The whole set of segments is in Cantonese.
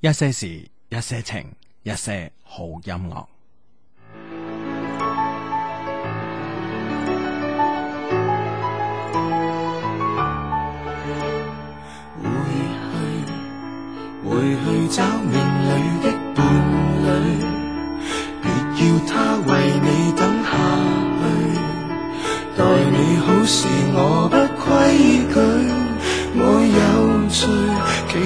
一些事，一些情，一些好音樂。回去，回去找命裏的伴侶，別要他為你等下去，待你好是。我。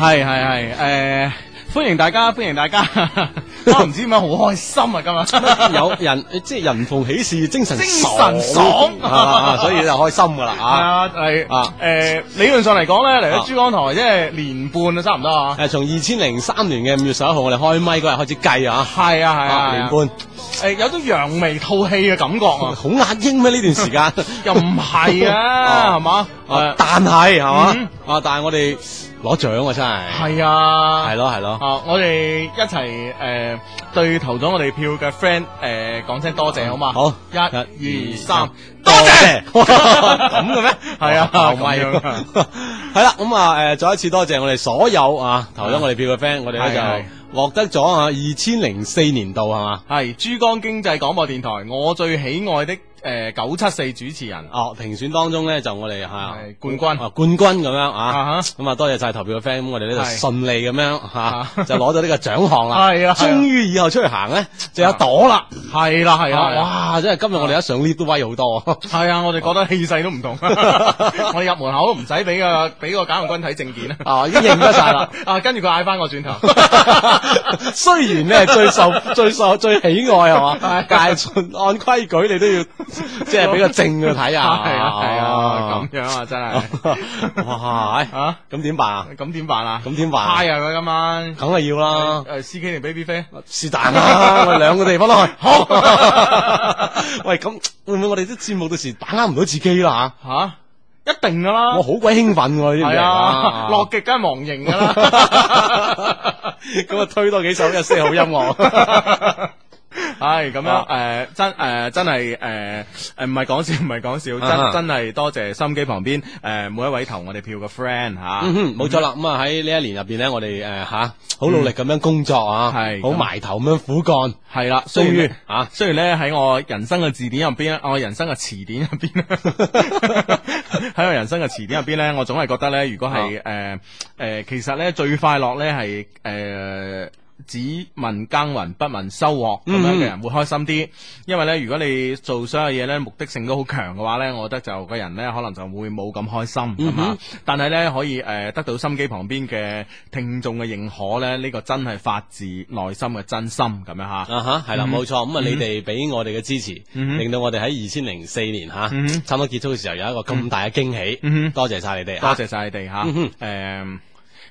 係係係，誒、呃，歡迎大家歡迎大家，呵呵，我唔知點解好開心啊今日，有人即係人逢喜事精神爽，爽，爽、 啊，所以就開心噶啦啊，係啊誒、啊欸欸，理論上嚟講咧，嚟咗珠江台即係、啊、年半啊差唔多啊，誒從二千零三年嘅五月十一號我哋開咪嗰日開始計啊，係啊係啊，啊，年半，誒、啊啊啊、有啲揚眉吐氣嘅感覺啊，好壓抑咩呢段時間， 又唔係啊係嘛，誒但係係嘛，啊，啊，啊但係、啊嗯啊、我哋。攞獎啊！真係係啊，係咯係咯啊！我哋一齊誒、呃、對投咗我哋票嘅 friend 誒，講聲多謝好嘛？好，一、二、三，多謝咁嘅咩？係啊，係啦咁啊誒、 嗯，再一次多謝我哋所有啊投咗我哋票嘅 friend，、啊、我哋咧就獲、啊、得咗啊二千零四年度係嘛？係珠江經濟廣播電台我最喜愛的。誒、呃，九七四主持人哦，評選當中咧就我哋係、啊、冠軍，冠軍咁樣啊，咁、uh、啊 -huh. 多謝晒投票嘅 friend，咁我哋呢就順利咁樣吓、uh -huh. 啊，就攞咗呢個獎項啦，係啊，終於以後出去行咧就有朵啦，係啦係啦，哇，真係今日我哋一上 lift 都威好多、啊，係、uh -huh. 啊，我哋覺得氣勢都唔同， 我哋入門口都唔使俾個俾個解放軍睇證件 啊，啊，已經認得晒啦，啊，跟住佢嗌翻個轉頭， 雖然你係最受 最受，最，受最喜愛係嘛，但 係、啊、按規矩你都要。即係俾個正佢睇下，係啊，係啊，咁、啊、樣啊，真係哇、 哎！吓咁點辦啊？咁、啊、點辦啊？咁點辦？嗨啊！今晚，梗係要啦。司 C K 定 Baby Face？是但啦，我哋兩個地方都去。好、 啊。喂，咁會唔會我哋都節目到時把握唔到自己啦？吓一定噶啦。我好鬼興奮㗎呢啲落極梗係忘形噶啦。咁啊，推多幾首 一些好音樂。 係咁樣，誒、啊呃，真，誒、呃，真係，誒、呃，誒，唔係講笑，唔係講笑，真、啊，真係多謝，謝心機旁邊，誒、呃，每一位投我哋票嘅 friend 吓、啊，嗯冇錯啦，咁啊喺呢一年入邊咧，我、啊、哋，誒，吓，好努力咁樣工作啊，係、嗯，好埋頭咁樣苦幹，係啦、啊，雖然，啊雖然咧喺我人生嘅字典入邊咧，我人生嘅詞典入邊咧，喺 我人生嘅詞典入邊咧，我總係覺得咧，如果係，誒、啊，誒、呃呃，其實咧最快樂咧係，誒。呃只問耕耘不問收穫咁樣嘅人會開心啲，因為呢，如果你做所有嘢呢目的性都好強嘅話呢，我覺得就個人呢可能就會冇咁開心、嗯、但係呢可以誒得到心機旁邊嘅聽眾嘅認可呢，呢個真係發自內心嘅真心咁樣嚇、嗯。啊係啦冇錯。咁、嗯、啊、嗯，你哋俾我哋嘅支持，令到我哋喺二千零四年差唔多結束嘅時候有一個咁大嘅驚喜。多謝晒你哋，多謝晒你哋嚇。嗯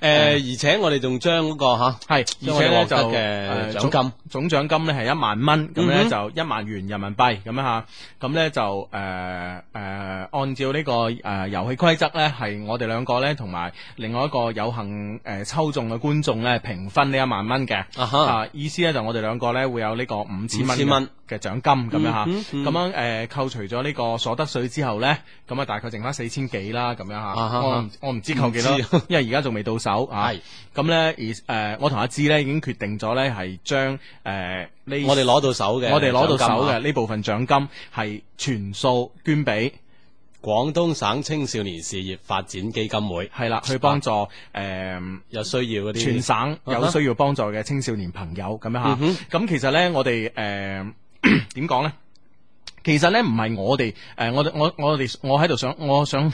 誒、呃，而且我哋仲將嗰個吓，係而且我就誒獎、呃、金總獎金咧係一萬蚊，咁、嗯、咧就一萬元人民幣咁啊吓，咁咧就誒誒、呃呃，按照、這個呃、遊戲規則呢個誒遊戲規則咧，係我哋兩個咧同埋另外一個有幸誒、呃、抽中嘅觀眾咧平分呢一萬蚊嘅啊，啊意思咧就我哋兩個咧會有呢個五千蚊千蚊。五千嘅獎金咁、mm -hmm, 樣吓，咁、呃、樣扣除咗呢個所得稅之後呢，咁啊大概剩翻四千幾啦咁樣吓、uh -huh,，我我唔知扣幾多，因為而家仲未到手咁、 啊、呢而誒、呃，我同阿芝呢已經決定咗呢係將誒呢、呃、我哋攞到手嘅，我哋攞到手嘅呢部分獎金係全數捐俾廣東省青少年事業發展基金會，係、啊、啦，去幫助誒、呃、有需要嗰啲全省有需要幫助嘅青少年朋友咁樣吓，咁、uh -huh, 其實呢，我哋誒。呃點講咧？其實咧唔係我哋誒、呃，我我我哋我喺度想，我想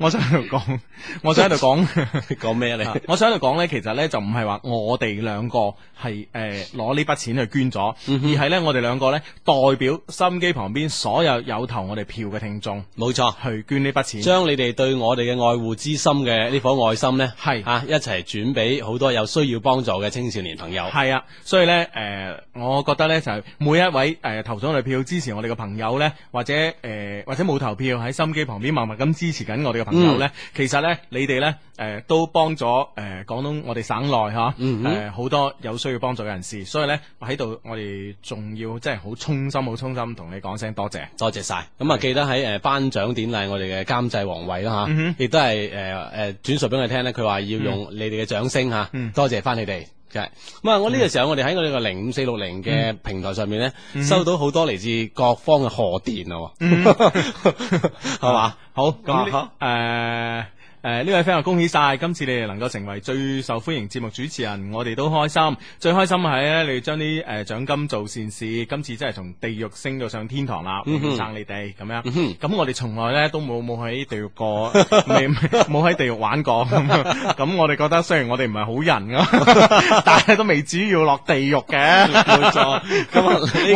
我想喺度講，我想喺度講講咩啊你？我想喺度講咧，其實咧就唔係話我哋兩個係誒攞呢筆錢去捐咗、嗯，而係咧我哋兩個咧代表收音機旁邊所有有投我哋票嘅聽眾，冇錯，去捐呢筆錢，將你哋對我哋嘅愛護之心嘅呢顆愛心咧係啊一齊轉俾好多有需要幫助嘅青少年朋友。係啊，所以咧誒、呃，我覺得咧就係、是、每一位誒、呃、投咗我哋票支持我哋嘅朋友。有呢或者誒、呃，或者冇投票喺心機旁邊默默咁支持緊我哋嘅朋友呢、嗯？其實呢，你哋呢、呃、都幫咗誒、呃、廣東我哋省內嚇好、嗯呃、多有需要幫助嘅人士，所以呢，喺度我哋仲要真係好衷心好衷心同你講聲多謝，多謝晒！咁啊，記得喺誒頒獎典禮我哋嘅監製王偉啦嚇亦、嗯、都係誒誒轉述俾我聽呢佢話要用你哋嘅掌聲、嗯、多謝翻你哋。咁啊，我呢個時候，我哋喺我哋個零五四六零嘅平台上面咧、嗯，收到好多嚟自各方嘅賀電咯，係、嗯、嘛、 啊？好咁啊，好誒。誒、呃，呢位 friend 恭喜曬，今次你哋能夠成為最受歡迎節目主持人，我哋都開心。最開心係咧，你哋將啲誒獎金做善事，今次真係從地獄升到上天堂啦！慶、嗯、撐你哋咁樣。咁、嗯、我哋從來咧都冇冇喺地獄過，冇 喺地獄玩過。咁 我哋覺得雖然我哋唔係好人咯、啊， 但係都未至於要落地獄嘅。冇 錯，咁、這個、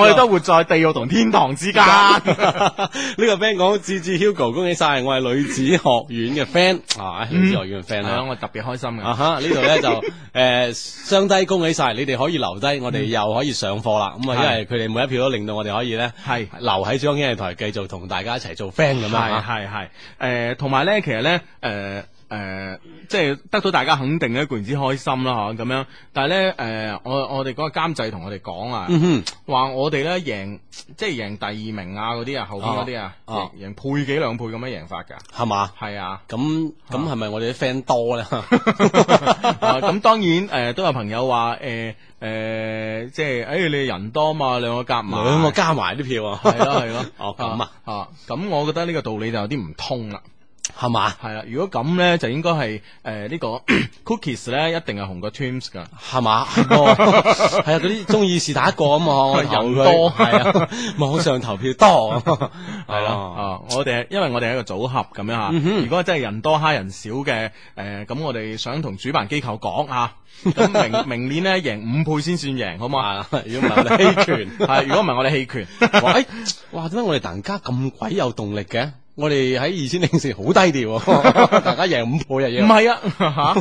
我哋都活在地獄同天堂之間。呢 個 friend 講，Gigi Hugo 恭喜曬，我係女子學院嘅 friend。啊！原來原來 friend 嚟，我特別開心嘅。啊哈，呢度咧就誒雙、 呃、低恭喜晒，你哋可以留低，我哋又可以上課啦。咁、嗯、啊，因為佢哋每一票都令到我哋可以咧，留喺珠江經濟台繼續同大家一齊做 friend 咁啊！係係誒，同埋咧，其實咧誒。呃誒、呃，即係得到大家肯定咧，固然之開心啦，吓、啊、咁樣。但係咧，誒、呃，我我哋嗰個監製同我哋講啊，話、嗯、我哋咧贏，即係贏第二名啊，嗰啲啊，後邊嗰啲啊，贏倍幾兩倍咁樣贏法噶，係嘛？係啊，咁咁係咪我哋啲 friend 多咧？咁、 啊、當然，誒、呃，都有朋友話，誒、呃、誒、呃，即係，誒、哎，你哋人多嘛，兩個夾埋，我加埋啲票啊，係咯係咯，哦咁啊，啊，咁、啊、我覺得呢個道理就有啲唔通啦。係嘛？係啦、啊、如果咁咧，就應該係誒呢個 Cookies 咧， 一定係紅過 Twins 噶，係嘛？係 啊！嗰啲中意是打一個啊嘛， 人多係 啊， 網上投票多係咯、 啊。 啊，我哋因為我哋係一個組合咁樣、嗯人人呃、 啊。如果真係人多蝦人少嘅誒，咁我哋想同主辦機構講啊。咁明明年咧贏五倍先算贏，好唔好啊？如果唔係我哋棄權。係，如果唔係我哋棄權。喂，哇！點解我哋大家咁鬼有動力嘅？我哋喺二千零四好低調，大家贏五倍就贏。唔 係啊，吓、啊！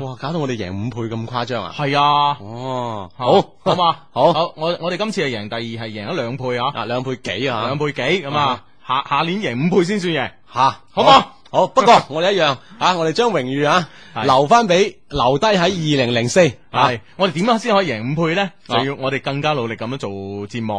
哇，搞到我哋贏五倍咁誇張啊？係啊，哦，好，好嘛，好。 好，我我哋今次係贏第二，係贏咗兩倍啊，兩倍幾啊，兩倍幾咁啊，啊，啊？下下年贏五倍先算贏，吓、啊，好嘛？好，不過我哋一樣、 啊、我哋將榮譽啊，啊留翻俾。留低喺二零零四，係我哋點樣先可以贏五倍咧？就要我哋更加努力咁樣做節目，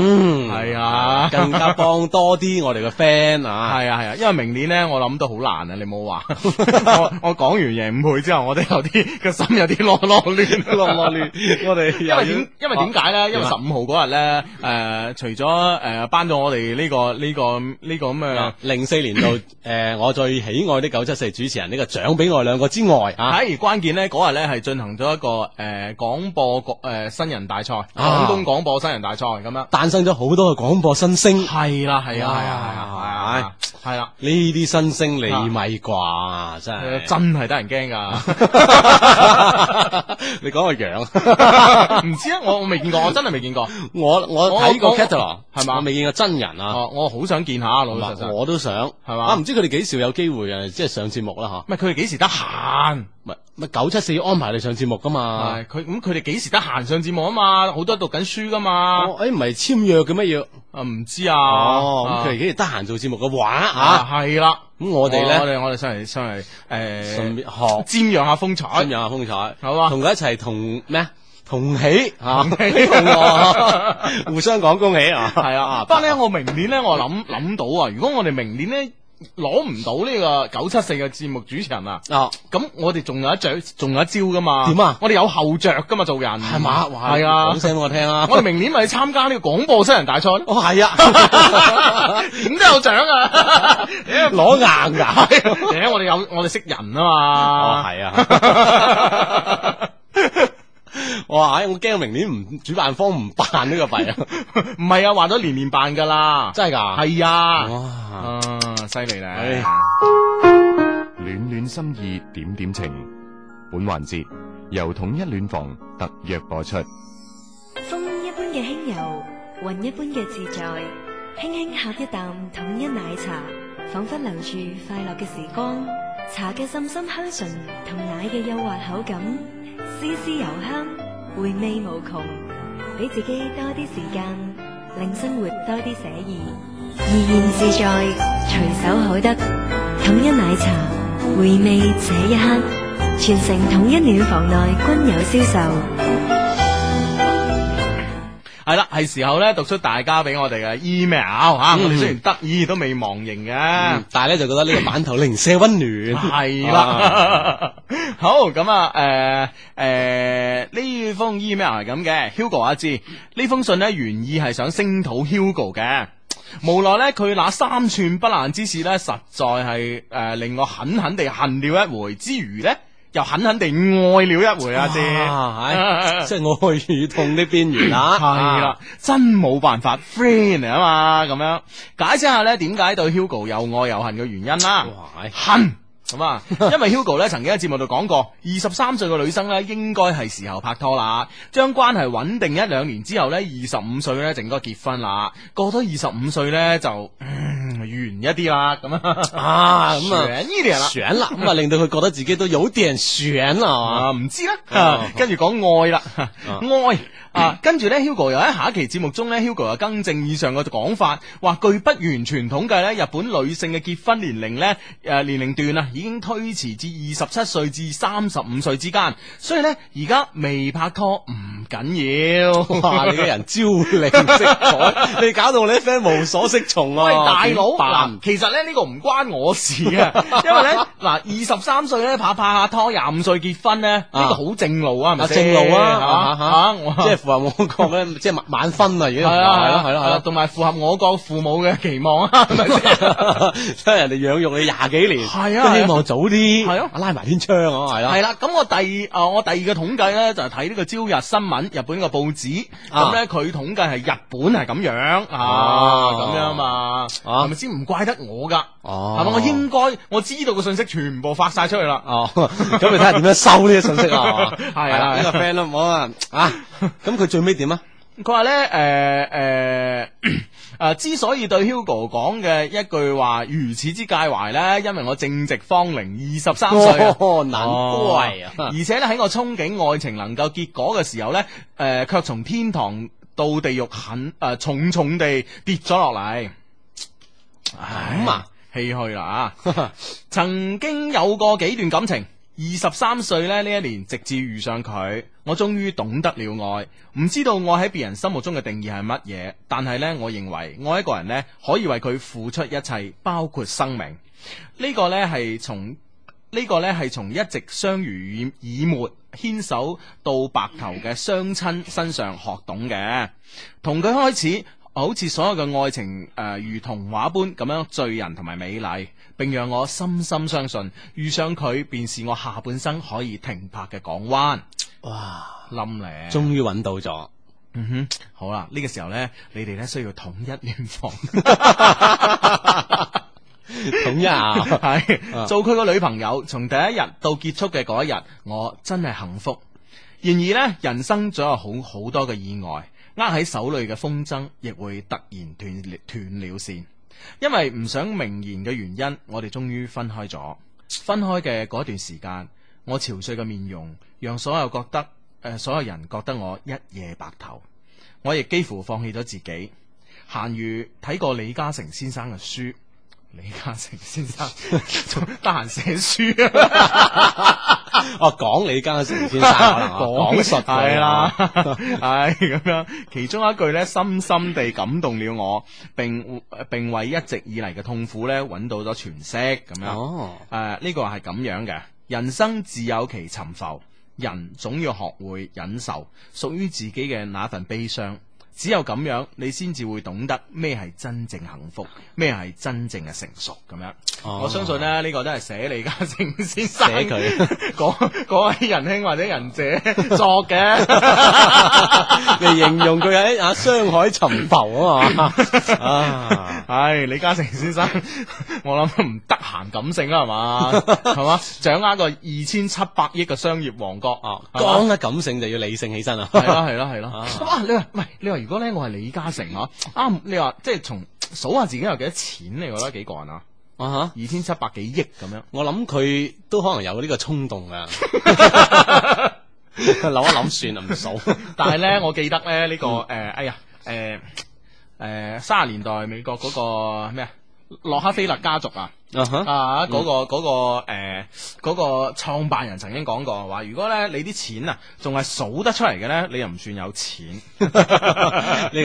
嗯，係啊，更加幫多啲我哋嘅 friend 啊，係啊係啊，因為明年咧我諗都好難啊，你冇話， 我我講完贏五倍之後，我都有啲個心有啲落落亂，落落亂，我哋因為點因為點解咧？因為十五、啊、號嗰日咧，誒、呃，除咗誒頒咗我哋呢、這個呢、這個呢、這個咁嘅零四年度誒、 呃、我最喜愛的九七四主持人呢個獎俾我兩個之外，啊關鍵咧嗰日咧係進行咗一個誒廣、呃、播國誒、呃、新人大賽，廣東廣播新人大賽咁、啊、樣，誕生咗好多嘅廣播新星。係啦，係啊，係啊，係啊，係啊，係啦、啊，呢啲新星你咪啩，真係真係得人驚噶。 你講個樣，唔 知啊，我我未見過，我真係未見過。我我睇過 Caterer 係嘛，我未見過真人啊。啊我好想見一下老實我都想係嘛。唔、啊、知佢哋幾時有機會啊，即係上節目啦吓。唔係佢哋幾時得閒？咪九七四安排你上節目噶嘛？佢咁佢哋幾時得閒上節目啊嘛？好多讀緊書噶嘛？誒、哦，唔係簽約嘅乜嘢？啊，唔知啊。咁佢哋幾時得閒做節目嘅話啊？係啦。咁我哋咧，我哋我哋上嚟上嚟，誒、呃、順便學瞻仰下風采，瞻仰下風采。好啊。同佢一齊同咩？同喜吓、啊，同喜同、啊、 互相講恭喜啊！係啊。但係咧，我明年咧，我諗諗到啊，如果我哋明年咧。攞唔到呢個九七四嘅節目主持人啊！哦、嗯，咁我哋仲有一着，仲有一招噶嘛？點啊？我哋有後着噶嘛？做人係嘛？係啊！講聲畀我聽啊！我哋明年咪要參加呢個廣播新人大賽哦，係啊，點 都 有獎獎啊！攞 硬噶、啊， 我哋有我哋識人啊嘛！哦，係啊！ 哇唉，我驚明年唔主辦方唔辦呢個幣啊！唔 係啊，話咗年年辦噶啦，真係噶？係啊！哇！嗯犀利啦！暖暖心意，點點情。本環節由統一暖房特約播出。風一般嘅輕柔，雲一般嘅自在，輕輕喝一啖統一奶茶，仿佛留住快樂嘅時光。茶嘅深深香醇，同奶嘅幼滑口感，絲絲油香，回味無窮。俾自己多啲時間，令生活多啲寫意。怡然自在，隨手可得統一奶茶，回味這一刻，全城統一暖房內均有銷售。係啦，係時候咧，讀出大家俾我哋嘅 email 吓，嗯嗯，我、啊、哋雖然得意都未忘形嘅，嗯，但係咧，就覺得呢個版頭零舍溫暖係 是啦。 好咁啊，誒誒，呢，呃呃，封 email 係咁嘅，Hugo 阿志呢封信呢，原意係想聲討 Hugo 嘅。無奈咧，佢那三寸不爛之舌咧，實在係誒令我狠狠地恨了一回之餘咧，又狠狠地愛了一回啊！先，即係愛與痛的邊緣啦。係啦、 啊，真冇辦法 ，friend 啊嘛！咁樣解釋下咧，點解對 Hugo 又愛又恨嘅原因啦、啊？恨。咁啊，因為 Hugo 咧曾經喺節目度講過，二十三歲嘅女生咧應該係時候拍拖啦，將關係穩定一兩年之後咧，二十五歲咧就應該結婚啦，過咗二十五歲咧就。懸一啲啦，咁啊啊咁啊，懸呢啲啦，懸啦咁啊，令到佢覺得自己都有啲人懸啦，唔知咧。跟住講愛啦，啊，愛啊，跟住咧，Hugo 又喺下一期節目中咧，Hugo 又更正以上嘅講法，話據不完全統計咧，日本女性嘅結婚年齡咧誒年齡段啊，已經推遲至二十七歲至三十五歲之間，所以咧而家未拍拖唔。緊要，你嘅人招零舍精彩， 你搞到你啲 friend 無所適從啊！喂，大佬嗱，其實咧呢個唔關我事㗎！因為咧嗱，二十三歲咧拍拍下拖，廿五歲結婚咧，呢、這個好正路啊，咪正路啊，吓、啊啊、即係符合我個 即係晚婚啊，已經係咯係啦係同埋符合我個父母嘅期望啊，即係、啊啊啊啊啊、人哋養育你廿幾年，啊、希望早啲係啊，拉埋天窗啊，係啦、啊，係啦、啊。咁我第二啊，我第二個統計咧就係睇呢個朝日新聞。日本個報紙咁咧，佢統計係日本係咁樣啊，咁、啊、樣嘛，係咪先唔怪得我㗎，係、啊、咪？我應該我知道嘅信息全部發晒出去啦。哦，咁你睇下點樣收呢啲信息 啊？係啊，個 friend 啊，啊，啊，咁佢最尾點啊？佢話咧，誒、呃、誒，誒、呃呃、之所以對 Hugo 講嘅一句話如此之介懷咧，因為我正值芳齡二十三歲啊，哦、難怪啊、哦！而且咧喺我憧憬愛情能夠結果嘅時候咧，誒、呃，卻從天堂到地獄，狠、呃、誒重重地跌咗落嚟，啊啊，唏嘘啦啊！ 曾經有過幾段感情。二十三歲咧呢一年，直至遇上佢，我終於懂得了愛。唔知道愛喺別人心目中嘅定義係乜嘢？但係呢，我認為愛一個人呢，可以為佢付出一切，包括生命。呢個呢係從呢個呢係從一直相濡以沫牽手到白頭嘅雙親身上學懂嘅，同佢開始。好似所有嘅愛情誒、呃，如童話般咁樣醉人同埋美麗，並讓我深深相信遇上佢，便是我下半生可以停泊嘅港灣。哇，冧咧！終於揾到咗，嗯哼，好啦，呢、這個時候呢，你哋呢需要統一聯房， 統一係、啊、 是 做佢個女朋友，從第一日到結束嘅嗰一日，我真係幸福。然而呢，人生總有好好多嘅意外。握喺手裏嘅風箏亦會突然斷斷了，了線。因為唔想明言嘅原因，我哋終於分開咗。分開嘅嗰段時間，我憔悴嘅面容，讓所有覺得誒、呃，所有人覺得我一夜白頭。我亦幾乎放棄咗自己，閒餘睇過李嘉誠先生嘅書。李嘉誠先生仲得閒寫書啊！ 哦、啊，講你間嘅程先生講、啊啊、 實係啦，係 咁、啊、樣。其中一句咧，深深地感動了我，並並為一直以嚟嘅痛苦咧，揾到咗詮釋咁樣。誒、哦、呢、啊，這個係咁樣嘅，人生自有其沉浮，人總要學會忍受屬於自己嘅那份悲傷。只有咁樣，你先至會懂得咩係真正幸福，咩係真正嘅成熟咁樣、啊。我相信咧，呢、這個都係寫李嘉誠先生寫佢嗰位仁兄或者仁者作嘅嚟 形容佢喺啊，商海沉浮啊嘛。唉，李嘉誠先生，我諗唔得閒感性啦，係嘛，係 嘛，掌握個二千七百億嘅商業王國啊，講得感性就要理性起身啦、啊。係咯、啊，係咯、啊，係咯、啊啊啊啊。你話唔係你話？如果咧我係李嘉誠啊，啱、啊、你話即係從數下自己有幾多錢，你我覺得幾個人啊，啊吓二千七百幾億咁樣，我諗佢都可能有個衝 是呢個衝動噶，諗一諗算啊，唔數。但係咧我記得咧呢、這個誒、呃，哎呀，誒誒卅年代美國嗰、那個咩啊，洛克菲勒家族啊。Uh -huh, 啊啊嗰、那個嗰、嗯那個誒嗰、呃那個創辦人曾經講過話，如果咧你啲錢啊仲係數得出嚟嘅咧，你又唔算有錢。呢 個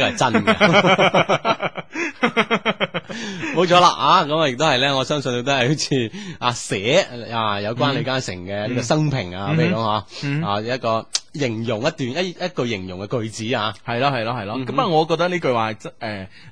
係是真嘅， 冇錯啦啊！咁啊，亦都係咧，我相信你都係好似阿寫啊有關李嘉誠嘅呢個生平啊，嗯、比如講吓啊，嗯、啊一個形容一段一一句形容嘅句子啊，係咯係咯係咯。咁啊、嗯呃，我覺得呢句話，誒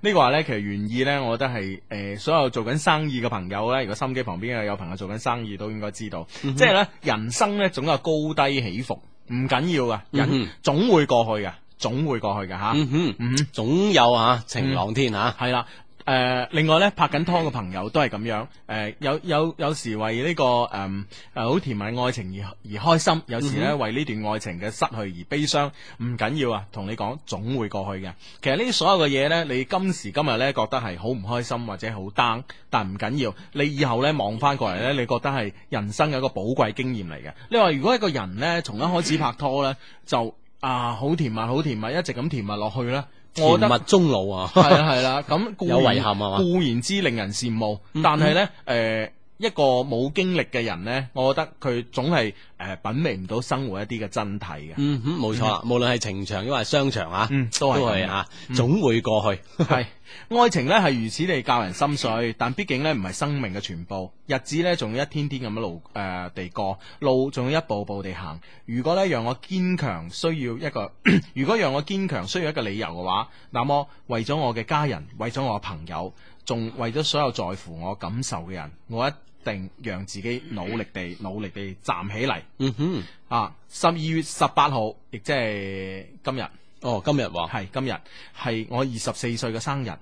呢個話咧，其實原意咧，我覺得係誒所有做緊生意嘅朋友。好咧！如果心機旁邊啊有朋友做緊生意，都應該知道，即係咧，人生咧，總有高低起伏，唔緊要嘅，人總會過去嘅，總會過去嘅。吓，嗯哼，嗯，總有啊晴朗天吓，啊，係、嗯、啦。誒、呃，另外咧，拍緊拖嘅朋友都係咁樣，誒、呃，有有有時為呢、這個誒誒好甜蜜愛情而而開心，有時咧為呢段愛情嘅失去而悲傷，唔緊要啊，同你講總會過去嘅。其實呢啲所有嘅嘢呢，你今時今日呢覺得係好唔開心或者好 down，但唔緊要，你以後呢望翻過嚟呢，你覺得係人生有一個寶貴經驗嚟嘅。你話如果一個人呢從一開始拍拖呢，就啊好甜蜜好甜蜜，一直咁甜蜜落去呢。甜蜜終老啊，係啦係啦，咁有遺憾啊，固然之令人羨慕，嗯、但係咧誒。呃一個冇經歷嘅人呢，我覺得佢總係誒、呃、品味唔到生活一啲嘅真諦嘅，嗯。嗯哼，冇錯啦，嗯，無論係情場亦或係商場啊，嗯、都係吓、啊嗯，總會過去，嗯。係、嗯、 愛情呢係如此地教人心碎，但畢竟呢唔係生命嘅全部，日子呢仲要一天天咁一路誒、呃、地過，路仲要一步步地行。如果呢讓我堅強，需要一個； 如果讓我堅強，需要一個理由嘅話，那麼為咗我嘅家人，為咗我嘅朋友，仲為咗所有在乎我感受嘅人，我一。定讓自己努力地、努力地站起嚟。嗯哼，啊！十二月十八號，亦即係今日。哦，今日喎、啊，係今日係我二十四歲嘅生日。呢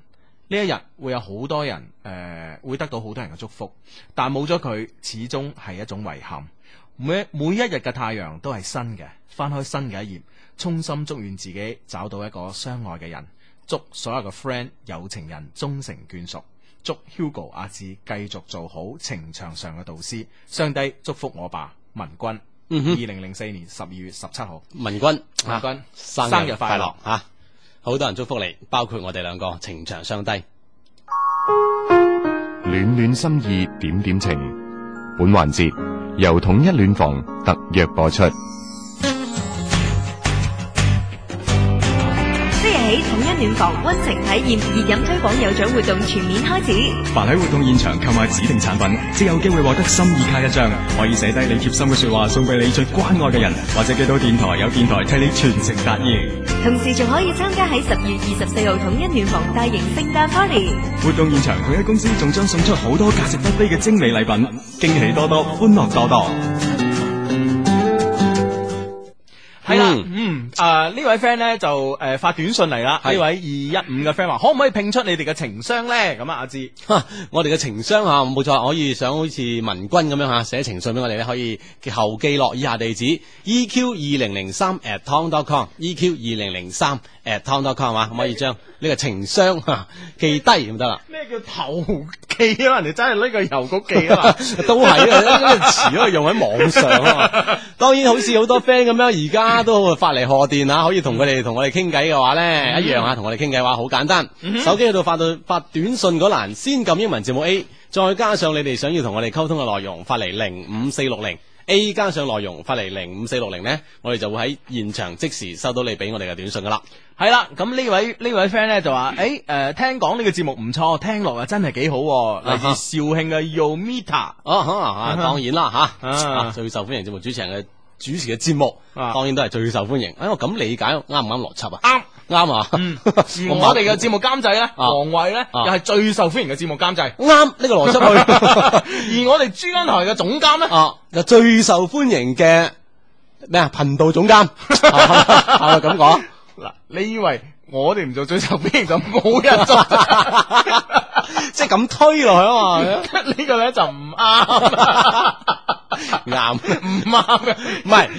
一日會有好多人誒、呃，會得到好多人嘅祝福，但冇咗佢，始終係一種遺憾。每每一日嘅太陽都係新嘅，翻開新嘅一頁，衷心祝願自己找到一個相愛嘅人，祝所有嘅 friend 有情人終成眷屬。祝 Hugo 阿志繼續做好情場上嘅導師，相低祝福我吧，文君。二零零四年十二月十七號，文君。文、啊、君，生日快樂，生日快樂啊！好多人祝福你，包括我哋兩個情場相低，暖暖心意，點點情。本環節由統一暖房特約播出。統一暖房溫情體驗熱飲推廣有獎活動全面開始，凡喺活動現場購買指定產品，即有機會獲得心意卡一張，可以寫低你貼心嘅說話送俾你最關愛嘅人，或者寄到電台，有電台替你全程達意。同時仲可以參加喺十月二十四號統一暖房大型聖誕 party 活動現場，統一公司仲將送出好多價值不菲嘅精美禮品，驚喜多多，歡樂多多。係啦、嗯，嗯，啊位朋友呢位 friend 咧就誒、呃、發短信嚟啦，呢位二一五嘅 friend 話可唔可以拼出你哋嘅情商咧？咁啊，阿芝，我哋嘅情商吓，冇、啊、錯，可以想好似文君咁樣吓寫情信俾我哋咧，可以後記落以下地址：eq 二零零三 at tom.com，eq 二零零三。誒，tom.com 嘛，可以將呢個情商記低咁得啦。咩 叫投記啊？人哋真係呢個郵局記啊！嘛， 都係是啊，詞 可以用喺網上啊。當然，好似好多 friend 咁樣，而家都會發嚟賀電啊，可以同佢哋同我哋傾偈嘅話咧，一樣啊，同我哋傾偈話好簡單，mm -hmm. 手機喺度發到發短信嗰欄，先撳英文字母 A，再加上你哋想要同我哋溝通嘅內容，發嚟零五四六零。A 加上內容發嚟零五四六零咧，我哋就會喺現場即時收到你俾我哋嘅短信噶啦。係啦，咁呢位呢位 friend 咧就話：，誒、欸、誒、呃，聽講呢個節目唔錯，聽落啊真係幾好。嚟自肇慶嘅 Yomita 哦、啊啊啊啊，當然啦嚇，最、啊啊啊啊啊、受歡迎節目主持人嘅，主持嘅節目、啊，當然都係最受歡迎。因、哎、我咁理解，啱唔啱邏輯啊？啱，啱、嗯、啊。我哋嘅節目監制咧，王偉咧，又係最受歡迎嘅節目監製。啱呢個邏輯去。而我哋珠江台嘅總監咧，啊，就、這個啊 啊、最受歡迎嘅咩啊頻道總監、 啊，啊咁講。嗱、啊，你以為我哋唔做最受歡迎就冇人做？即係咁推落去啊嘛？呢 個咧就唔啱、啊。 啱，唔啱嘅，唔係。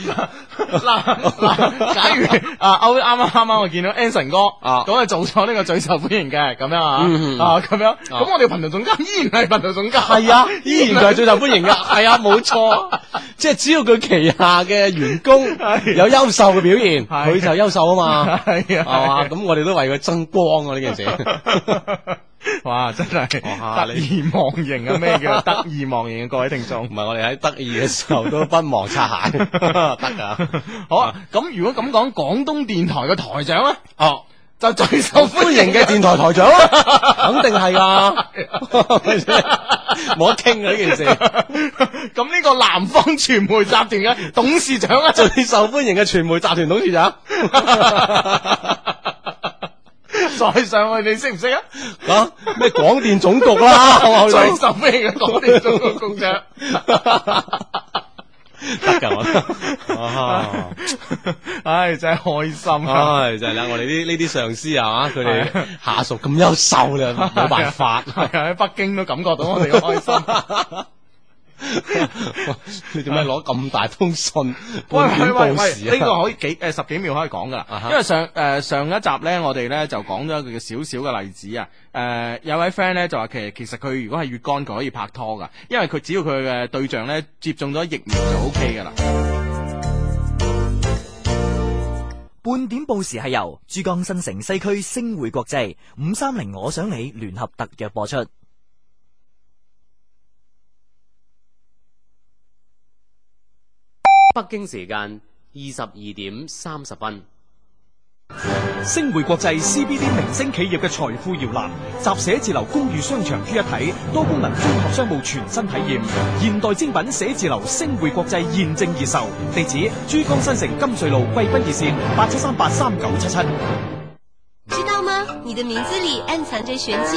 嗱嗱，假如阿歐啱啱啱啱我見到 Anson 哥，啊咁啊做咗呢個最受歡迎嘅咁樣啊，嗯、啊咁樣，咁、啊、我哋頻道總監依然係頻道總監，係啊，依然係最受歡迎嘅，係 啊，冇錯， 即係只要佢旗下嘅員工有優秀嘅表現，佢、啊、就優秀啊嘛，係啊，啊，啊，啊，啊，啊，啊、 哦，啊，咁我哋都為佢爭光啊呢件事，哇，真係得意忘形啊咩 叫得意忘形嘅各位聽眾，唔係我哋喺得意嘅時候都不忘擦鞋，得噶。好，咁如果咁講廣東電台嘅台長咧，哦，就最受歡迎嘅電台台長，肯定係噶，冇得傾啊呢件事。咁 呢個南方傳媒集團嘅董事長啊，最受歡迎嘅傳媒集團董事長， 再上去你識唔識啊？啊，咩廣電總局啦， 最受歡迎嘅廣電總局局長。 得噶，我唉、 啊哎哎、真係開心，啊，唉就係啦，我哋呢呢啲上司啊，佢 哋下屬咁優秀，你 冇辦法喺，啊 啊、北京都感覺到我哋嘅開心。 你做咩攞咁大封信？喂，喂，喂，呢個可以幾誒十幾秒可以講噶啦，因為上誒上一集咧，我哋咧就講咗一個少少嘅例子啊。誒，有位 friend 咧就話其實其實佢如果係乙肝佢可以拍拖噶，因為佢只要佢嘅對象咧接種咗疫苗就 O K 噶啦。半點報時係、啊、 由珠江新城西區星匯國際五三零我想你聯合特約播出。北京時間二十二點三十分，星匯國際 CBD 明星企業嘅財富搖籃，集寫字樓、公寓、商場於一體，多功能綜合商務全新體驗。現代精品寫字樓星匯國際現正熱售，地址珠江新城金穗路貴賓熱線八七三八三九七七。知道嗎？你的名字裏暗藏着玄機。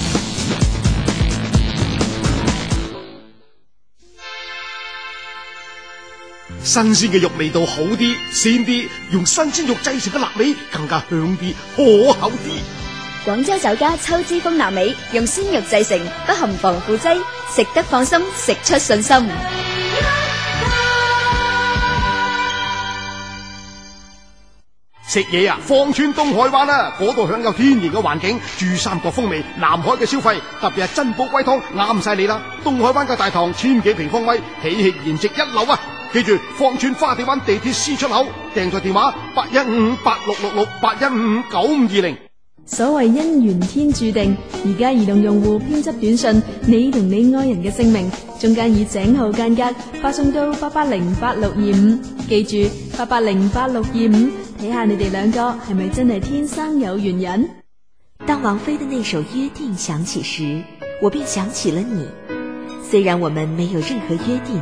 新鮮嘅肉味道好啲鮮啲，用新鮮肉製成嘅臘味更加香啲可口啲。廣州酒家秋之風臘味，用鮮肉製成，不含防腐劑，食得放心，食出信心。食嘢啊，芳村東海灣啦、啊！嗰度享有天然嘅環境，住三角風味，南海嘅消費特別係珍寶龜湯啱晒你啦！東海灣嘅大堂千幾平方米，喜氣筵席一流啊！記住，芳村花地灣地鐵 C 出口，訂座電話八一五五八六六六八一五五九五二零。所謂姻緣天注定，而家移動用戶編輯短信你同你愛人嘅姓名，中間以井號間隔，發送到八八零八六二五。記住八八零八六二五，睇下你哋兩個係咪真係天生有緣人。當王菲的那首約定響起時，我便想起了你。雖然我們沒有任何約定。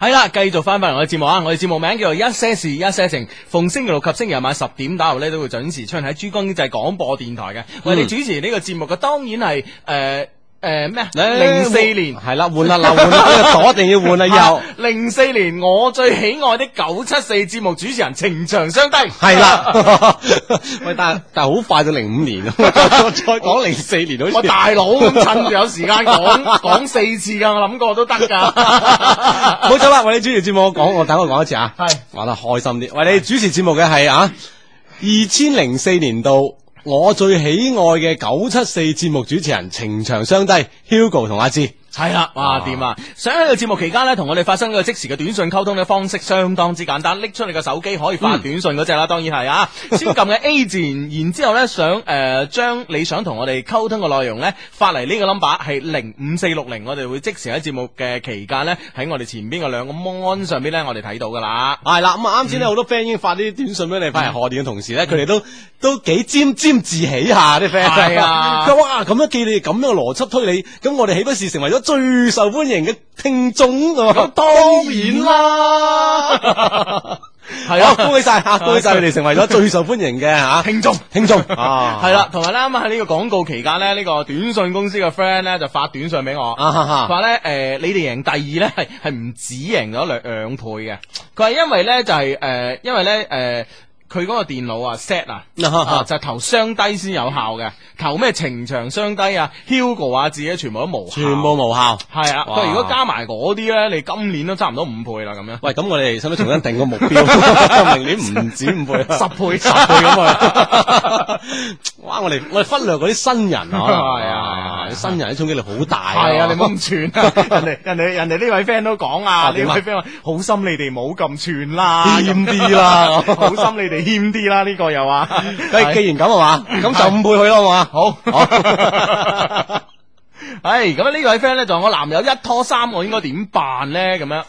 係啦，繼續翻返嚟我哋節目啊！我哋節目名叫做《一些事，一些情》，逢星期六及星期日晚十點打後呢，都會準時出現喺珠江經濟廣播電台嘅。我哋主持呢個節目嘅，當然係誒。呃誒、呃、咩？零四、欸、年係啦，換 啦，留換咗，一定要換啦又。零 四年我最喜愛的九七四節目主持人情長相低係啦。喂 對了， 但但係 好快就零五年啊！再講零四年好似我大佬咁趁住有時間講講四次噶，我諗過都得噶。好走啦，為你主持節目，我講，我等我講一次啊。係玩得開心啲，為你主持節目嘅係啊，二千零四年度。我最喜愛嘅九七四節目主持人情長相低，Hugo 同阿志。係啦、啊，哇掂啊！想喺個節目期間呢，同我哋發生呢個即時嘅短信溝通嘅方式相當之簡單，拎出你個手機可以發短信嗰隻啦，當然係啊，先撳嘅 A 字，然之後呢，想誒將、呃、你想同我哋溝通嘅內容呢，發嚟呢個 number 係零五四六零，我哋會即時喺節目嘅期間呢，喺我哋前邊嘅兩個 mon 上邊呢，我哋睇到噶啦。係、嗯、啦，咁啊啱先呢，好多 friend 已經發啲短信俾你，發嚟賀電嘅同時呢，佢、嗯、哋都都幾沾沾自喜下啲 friend，係啊，啊 哇咁樣見你哋咁樣邏輯推理，咁我哋豈不是成為咗？最受歡迎嘅聽眾當然啦，係 啊， 啊，恭喜晒，吓，恭喜晒，佢哋成為咗最受歡迎嘅吓 聽眾，聽眾，係、啊、啦，同埋咧，啱啱喺呢個廣告期間咧，呢、這個短信公司嘅 friend 咧就發短信俾我，啊哈話咧，誒、啊呃，你哋贏第二咧係係唔止贏咗兩兩倍嘅，佢係因為咧就係、是、誒、呃，因為咧誒。呃佢嗰個電腦、Z、啊 set 啊，就係投雙低先有效嘅，投咩情長雙低啊，Hugo 啊，自己全部都無效，全部無效，係啊。佢如果加埋嗰啲咧，你今年都差唔多五倍啦咁樣。喂，咁我哋使唔使重新定個目標？ 明年唔止五倍、啊，十倍、啊、 十倍咁啊！ 哇，我哋我哋忽略嗰啲新人啊，係 啊、哎哎哎哎，新人嘅衝擊力好大啊，係啊，你唔好咁串啊！ 人哋人哋人哋呢位 friend 都講啊，呢、啊、位 friend 話好心你哋冇咁串啦，啦、啊，好心你哋、啊。 這樣 你謙啲啦，呢、這個又話，誒， 既然咁係嘛，咁就唔倍佢咯，係嘛，好。誒、 哎，咁呢位 friend 咧，就我男友一拖三，我應該點辦咧？咁樣，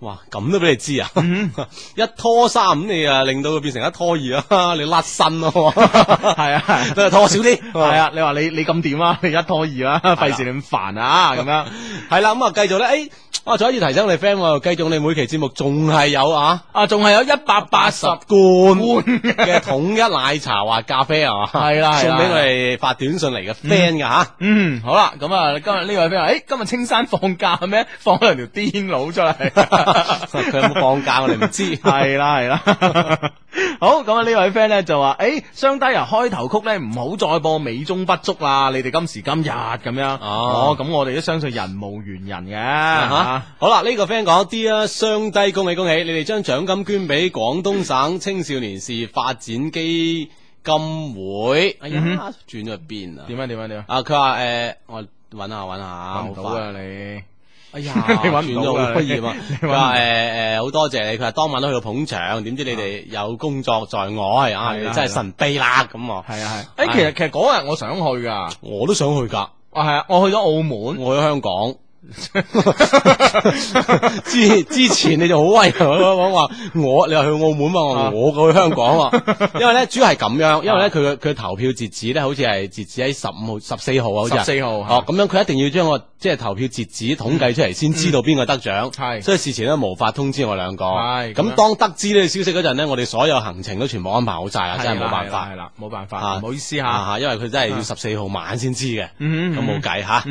哇，咁都俾你知啊？嗯、 一拖三，咁你啊令到佢變成一拖二啊，你甩身咯，係啊，都係拖少啲，係啊，你話你你咁點啊？你一拖二啦，費事你咁煩啊，咁、啊 啊、樣，係 啦、啊，咁啊繼續咧，誒、哎。我再一次提醒我哋 friend，繼續你每期節目仲係有啊，啊仲係有一百八十罐嘅統一奶茶或咖啡啊嘛，係 啦，送俾我哋發短信嚟嘅 friend 嘅嚇。嗯，好啦，咁啊今日呢位 friend，哎今日青山放假咩？放咗條癲佬出嚟，佢 有冇放假我哋唔知。係啦係啦， 好，咁啊呢位 friend 咧就話哎雙低人開頭曲，咧唔好再播美中不足啦，你哋今時今日咁樣哦，咁、哦、我哋都相信人無完人嘅、啊、嚇。好啦，呢、這個 friend 講啲啊雙低恭喜恭喜，你哋將獎金捐俾廣東省青少年事業發展基金會。 哎呀，轉咗去邊啊？點樣點樣點樣啊，佢話誒，我揾下揾下，揾唔到啊你。哎呀， 你揾唔到啊！畢業你啊！佢話誒誒，好、啊呃、多謝你。佢話當晚都去到捧場，點知你哋有工作在外 啊，啊？你真係神秘啦咁啊！係啊係。誒、啊啊，其實其實嗰日我想去噶，我都想去噶。啊係啊，我去咗澳門，我去香港。之 之前你就好威，我講話我你話去澳門嘛，我，我去香港嘛，因為咧主要係咁樣，因為咧佢嘅佢投票截止咧，好似係截止喺十五號、十四號啊，好似十四號，哦，咁樣佢一定要將個即係投票截止統計出嚟，先知道邊個得獎，嗯，所以事前咧無法通知我兩個，咁當得知呢個消息嗰陣呢，我哋所有行程都全部安排好晒啦，真係冇辦法，啦，冇辦法，唔好意思吓，因為佢真係要十四號晚先知嘅，咁冇計吓，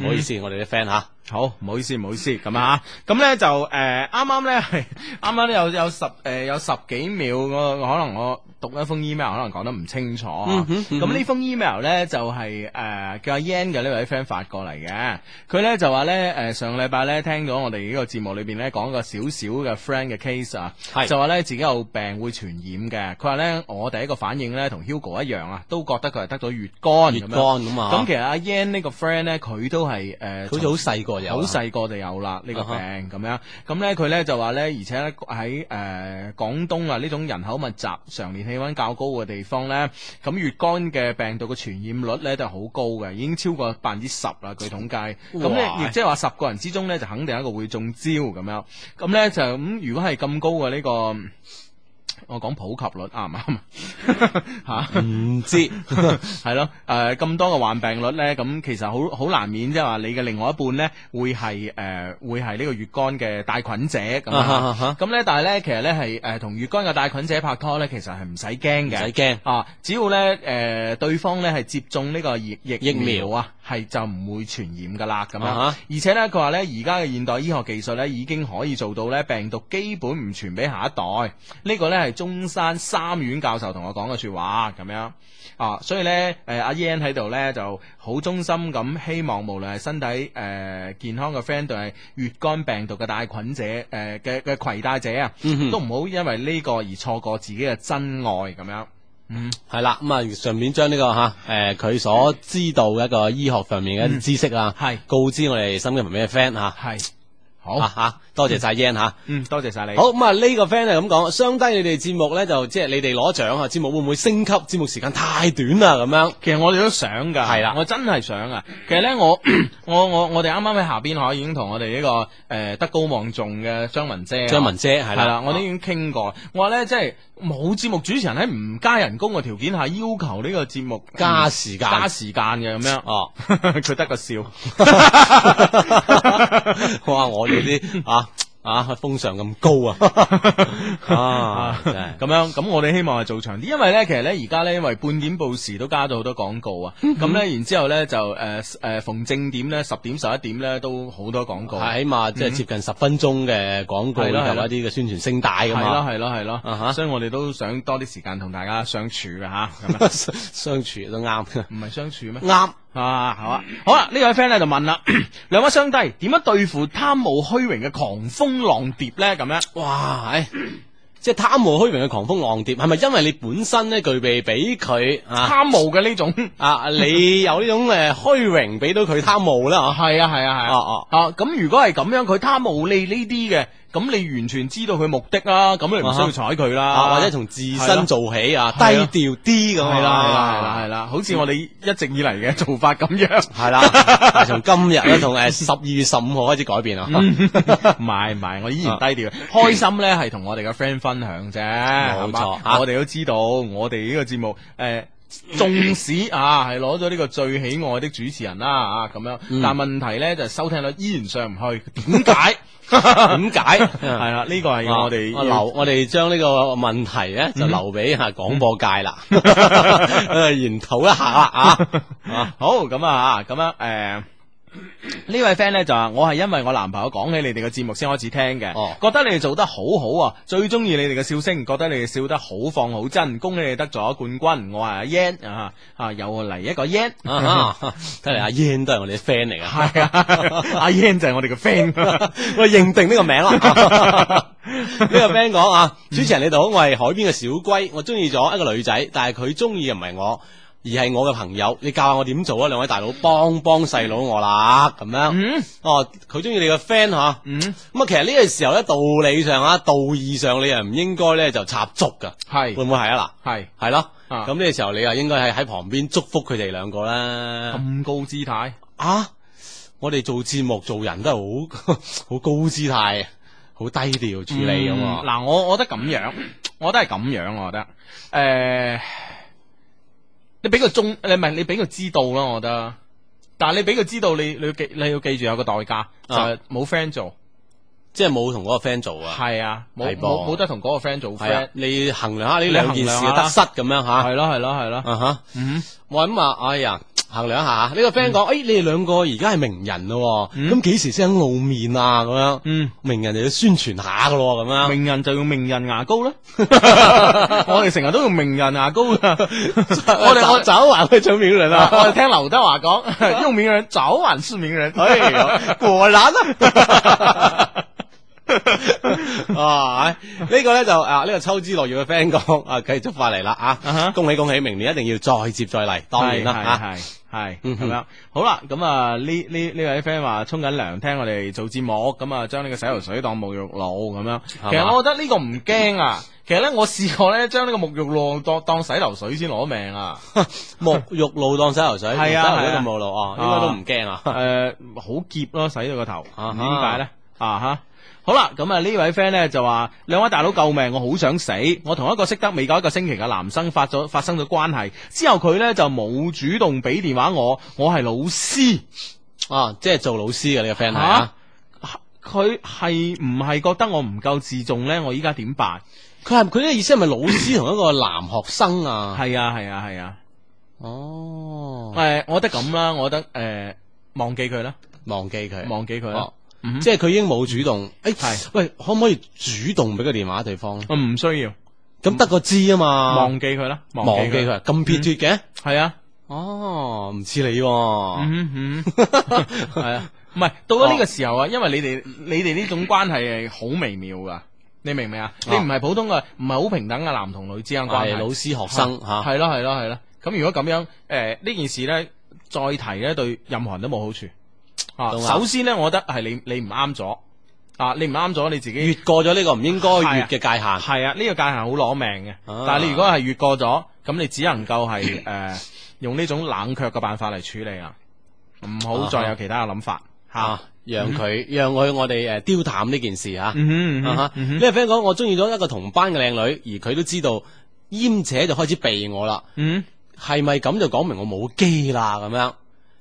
唔好意思，我哋啲 friend 吓。啊好，唔好意思，唔好意思，咁啊吓，咁 咧就誒啱啱咧係啱啱有有十誒、呃、有十幾秒個可能我讀一封 email 可能講得唔清楚、啊，咁、嗯、呢、嗯、封 email 咧就係、是、誒、呃、叫阿 y n 嘅呢位 friend 發過嚟嘅，佢咧就話咧誒上個禮拜咧聽到我哋呢個節目裏邊咧講個少少嘅 friend 嘅 case 啊，就話咧自己有病會傳染嘅，佢話咧我第一個反應咧同 Hugo 一樣啊，都覺得佢係得咗乙肝，咁啊，咁其實阿 y n 呢個 friend 咧佢都係誒、呃、好似好細個。好細個就有啦，呢、這個病咁、uh -huh. 樣，咁呢佢呢就話呢，而且喺誒廣東啊呢種人口密集、常年氣溫較高嘅地方呢，咁乙肝嘅病毒嘅傳染率呢都係好高嘅，已經超過百分之十啦，據統計。咁、wow. 呢，亦即係話十個人之中呢，就肯定有一個會中招咁樣，咁呢就咁、嗯、如果係咁高嘅呢、這個。我講普及率啱唔啱啊？唔不知係咯， 誒、呃、咁多個患病率咧，咁其實好好難免，即係話你嘅另外一半咧，會係誒、呃、會係呢個乙肝嘅帶菌者咁啊！咁、啊、咧、啊，但係咧，其實咧係誒同乙肝嘅帶菌者拍拖咧，其實係唔使驚嘅，唔使驚啊！只要咧誒、呃、對方咧係接種呢個疫疫疫苗啊！係就唔會傳染噶啦，咁樣，uh -huh. 而且呢，佢話呢而家嘅現代醫學技術呢已經可以做到呢病毒基本唔傳俾下一代。呢、呢個呢係中山三院教授同我講嘅說話，咁樣啊，所以呢，誒、啊，阿 Ian 喺度呢就好衷心咁希望，無論係身體誒、呃、健康嘅 friend，定係乙肝病毒嘅帶菌者，誒嘅嘅携帶者啊，mm -hmm. 都唔好因為呢個而錯過自己嘅真愛咁樣。嗯，係啦，咁、嗯這個、啊順便將呢個吓，誒、呃、佢所知道嘅一個醫學上面嘅一啲知識啊，係、嗯、告知我哋身邊旁邊嘅 friend 吓，係、啊。是好啊吓，多謝晒 yen 吓、嗯，嗯、啊，多謝晒你。好咁啊，呢、這個 friend 係咁講，相低你哋節目咧就即係、就是、你哋攞獎啊，節目會唔會升級？節目時間太短啦，咁樣。其實我哋都想噶，係啦，我真係想啊。其實咧，我我我我哋啱啱喺下邊可以經同我哋呢、這個誒德、呃、高望重嘅張文姐，張文姐係啦、啊嗯，我哋已經傾過。我話咧即係冇節目主持人喺唔加人工嘅條件下要求呢個節目加時間，嗯、加時間嘅咁樣、嗯、哦。佢得個笑。 我話我。嗰啲啊啊，啊風上咁高啊 啊，咁、啊啊、樣咁我哋希望係做長啲，因為咧其實咧而家咧因為半點報時都加咗好多廣告啊，咁、嗯、咧然之後咧就誒誒、呃呃、逢正點咧十點十一點咧都好多廣告、啊嗯就是、告，起碼即係接近十分鐘嘅廣告係啦啲嘅宣傳聲帶咁啊，係咯係咯係咯，uh-huh. 所以我哋都想多啲時間同大家相處嘅、啊、吓， 相處都啱，唔係相處咩？啱。啊，係嘛、啊，好啦、啊，呢位 friend 咧就問啦，兩位雙低，點 樣對付貪慕虛榮嘅狂風浪蝶呢咁樣，哇，係、哎， 即係貪慕虛榮嘅狂風浪蝶，係咪因為你本身呢具備俾佢啊貪慕嘅呢種啊？你有種虛榮呢種誒虛榮俾到佢貪慕啦？係 啊，係啊，係、啊，哦哦哦，咁、啊啊啊啊啊、如果係咁樣，佢貪慕你呢啲嘅。咁你完全知道佢目的啦，咁你唔需要睬佢啦，或者從自身做起啊，低調啲咁啦，係啦，係啦，好似我哋一直以嚟嘅做法咁樣，係啦、啊，從 今呢、uh, 日咧，同誒十二月十五號開始改變啊，唔係，唔係，我依然低調、啊，開心咧係同我哋嘅 friend 分享啫，冇錯，啊、我哋都知道，我哋呢個節目誒，縱、呃、使、嗯、啊係攞咗呢個最喜愛的主持人啦啊咁、啊、樣、嗯，但問題咧就是、收聽率依然上唔去，點解？ 點 解什麼？係 啦、啊？呢、呢個係、啊、我哋、啊、留我哋將呢個問題咧，就留俾吓廣播界啦，誒、嗯 啊，研討一下啦、啊、吓 啊！好咁，啊，咁樣誒。啊位 fan 呢位 friend 咧就話我係因為我男朋友講起你哋嘅節目先開始聽嘅。哦，覺得你哋做得好好啊，最中意你哋嘅笑聲，覺得你哋笑得好放好真，恭喜你哋得咗冠軍。我係阿 yan 啊啊，啊，又嚟一個 yan 啊，睇嚟阿 yan 都係我哋嘅 friend 嚟噶，係啊，阿 yan、啊嗯啊啊 啊，就係我哋嘅 friend，我認定呢個名啦。呢個 friend 講啊，主、啊、持、這個啊嗯、人你哋好，我係海邊嘅小龜，我中意咗一個女仔，但係佢中意嘅唔係我。而係我嘅朋友，你教下我點做啊？兩位大佬幫幫細佬我啦，咁樣。哦、嗯，佢中意你嘅 friend 吓。咁啊、嗯，其實呢個時候咧，道理上啊，道義上，你又唔應該咧就插足噶。係會唔會係啊？嗱，係係咯。咁呢個時候你又應該係喺旁邊祝福佢哋兩個啦。咁高姿態啊！我哋做節目做人都係好好高姿態，好低調處理嘅、嗯。嗱、那個，我我覺得咁樣，我覺得係咁樣，我覺得誒。呃你俾個中，你唔係你俾佢知道咯，我覺得。但係你俾佢知道，你你要記你要記住有個代價、啊、就係冇 friend 做，即係冇同嗰個 friend 做啊。係啊，冇冇、啊、冇得同嗰個 friend 做 friend、啊。你衡量一下呢兩件事得失咁樣吓。係咯係咯係咯。啊我、嗯、咁哎呀，衡量下呢、呢個 friend 講，誒、嗯哎，你哋兩個而家係名人咯，咁、嗯、幾時先喺露面啊？咁樣，嗯，名人又要宣傳下噶咯，咁樣，名人就用名人牙膏咧， 我哋成日都用名人牙膏噶， 我哋們 我走牙去做名人啊， 我哋 聽劉德華講， 用名人早晚是名人，哎 果然啦、啊。 啊，呢、這個咧就啊呢個秋之落葉嘅 friend 講，啊，繼續發嚟啦啊，啊 uh -huh. 恭喜恭喜，明年一定要再接再厲，當然啦，係係係咁樣。好啦，咁啊，呢呢呢位 friend 話沖緊涼，聽我哋做節目，咁啊，將呢個洗頭水當沐浴露咁樣是。其實我覺得呢個唔驚啊。其實咧，我試過咧，將呢個沐浴露當當洗頭水先攞命啊。 沐浴露當洗頭水，係啊係啊，沐浴露、uh, 哦，啊，應該都唔驚啊。誒，好澀咯，洗到個頭，點解咧啊？Uh -huh. 好啦，咁啊呢位 friend 咧就話，兩位大佬救命，我好想死，我同一個識得未夠一個星期嘅男生發咗發生咗關係之後呢，佢咧就冇主動俾電話我，我係老師啊，即係做老師嘅呢個 friend 係啊，佢係唔係覺得我唔夠自重咧？我依家點辦？佢係佢嘅意思係咪老師同 一個男學生啊？係啊係啊係啊，哦，欸、我覺得咁啦，我覺得誒、呃，忘記佢啦，忘記佢，忘記佢。哦嗯、即係佢已經冇主動，誒、欸，喂，可唔可以主動俾個電話對方？唔需要，咁得個知啊嘛，忘記佢啦，忘記佢，咁撇脫嘅，係、嗯、啊，哦，唔似你，係啊，唔、嗯、係、 啊、到咗呢個時候啊、哦，因為你哋你哋呢種關係係好微妙噶，你明唔明、哦、啊？你唔係普通嘅，唔係好平等嘅男同女之間關係，係老師學生吓，係咯係咯係咯，咁如果咁樣，誒、呃、呢件事咧再提咧，對任何人都冇好處。啊、首先咧，我覺得係你你唔啱咗。啊，你唔啱咗，你自己越過咗呢、這個唔應該越嘅界限，係啊，呢、啊這個界限好攞命嘅。但係你如果係越過咗，咁你只能夠係誒用呢種冷卻嘅辦法嚟處理啊，唔好再有其他嘅諗法吓、啊啊，讓佢、嗯、讓佢我哋誒丟淡呢件事吓、啊嗯嗯。啊呢個 friend 講我中意咗一個同班嘅靚女，而佢都知道，焉且就開始避我啦。嗯，係咪咁就講明我冇機啦？咁樣。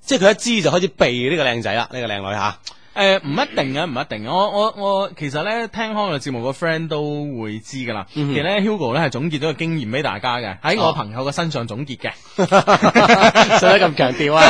即係佢一知就開始避呢個靚仔啦，呢個靚女吓。啊誒、呃，唔一定嘅，唔一定。我我我其實咧，聽開我節目個 friend 都會知噶啦、嗯。其實咧，Hugo 咧係總結咗個經驗俾大家嘅，喺我朋友嘅身上總結嘅。使得咁強調啊！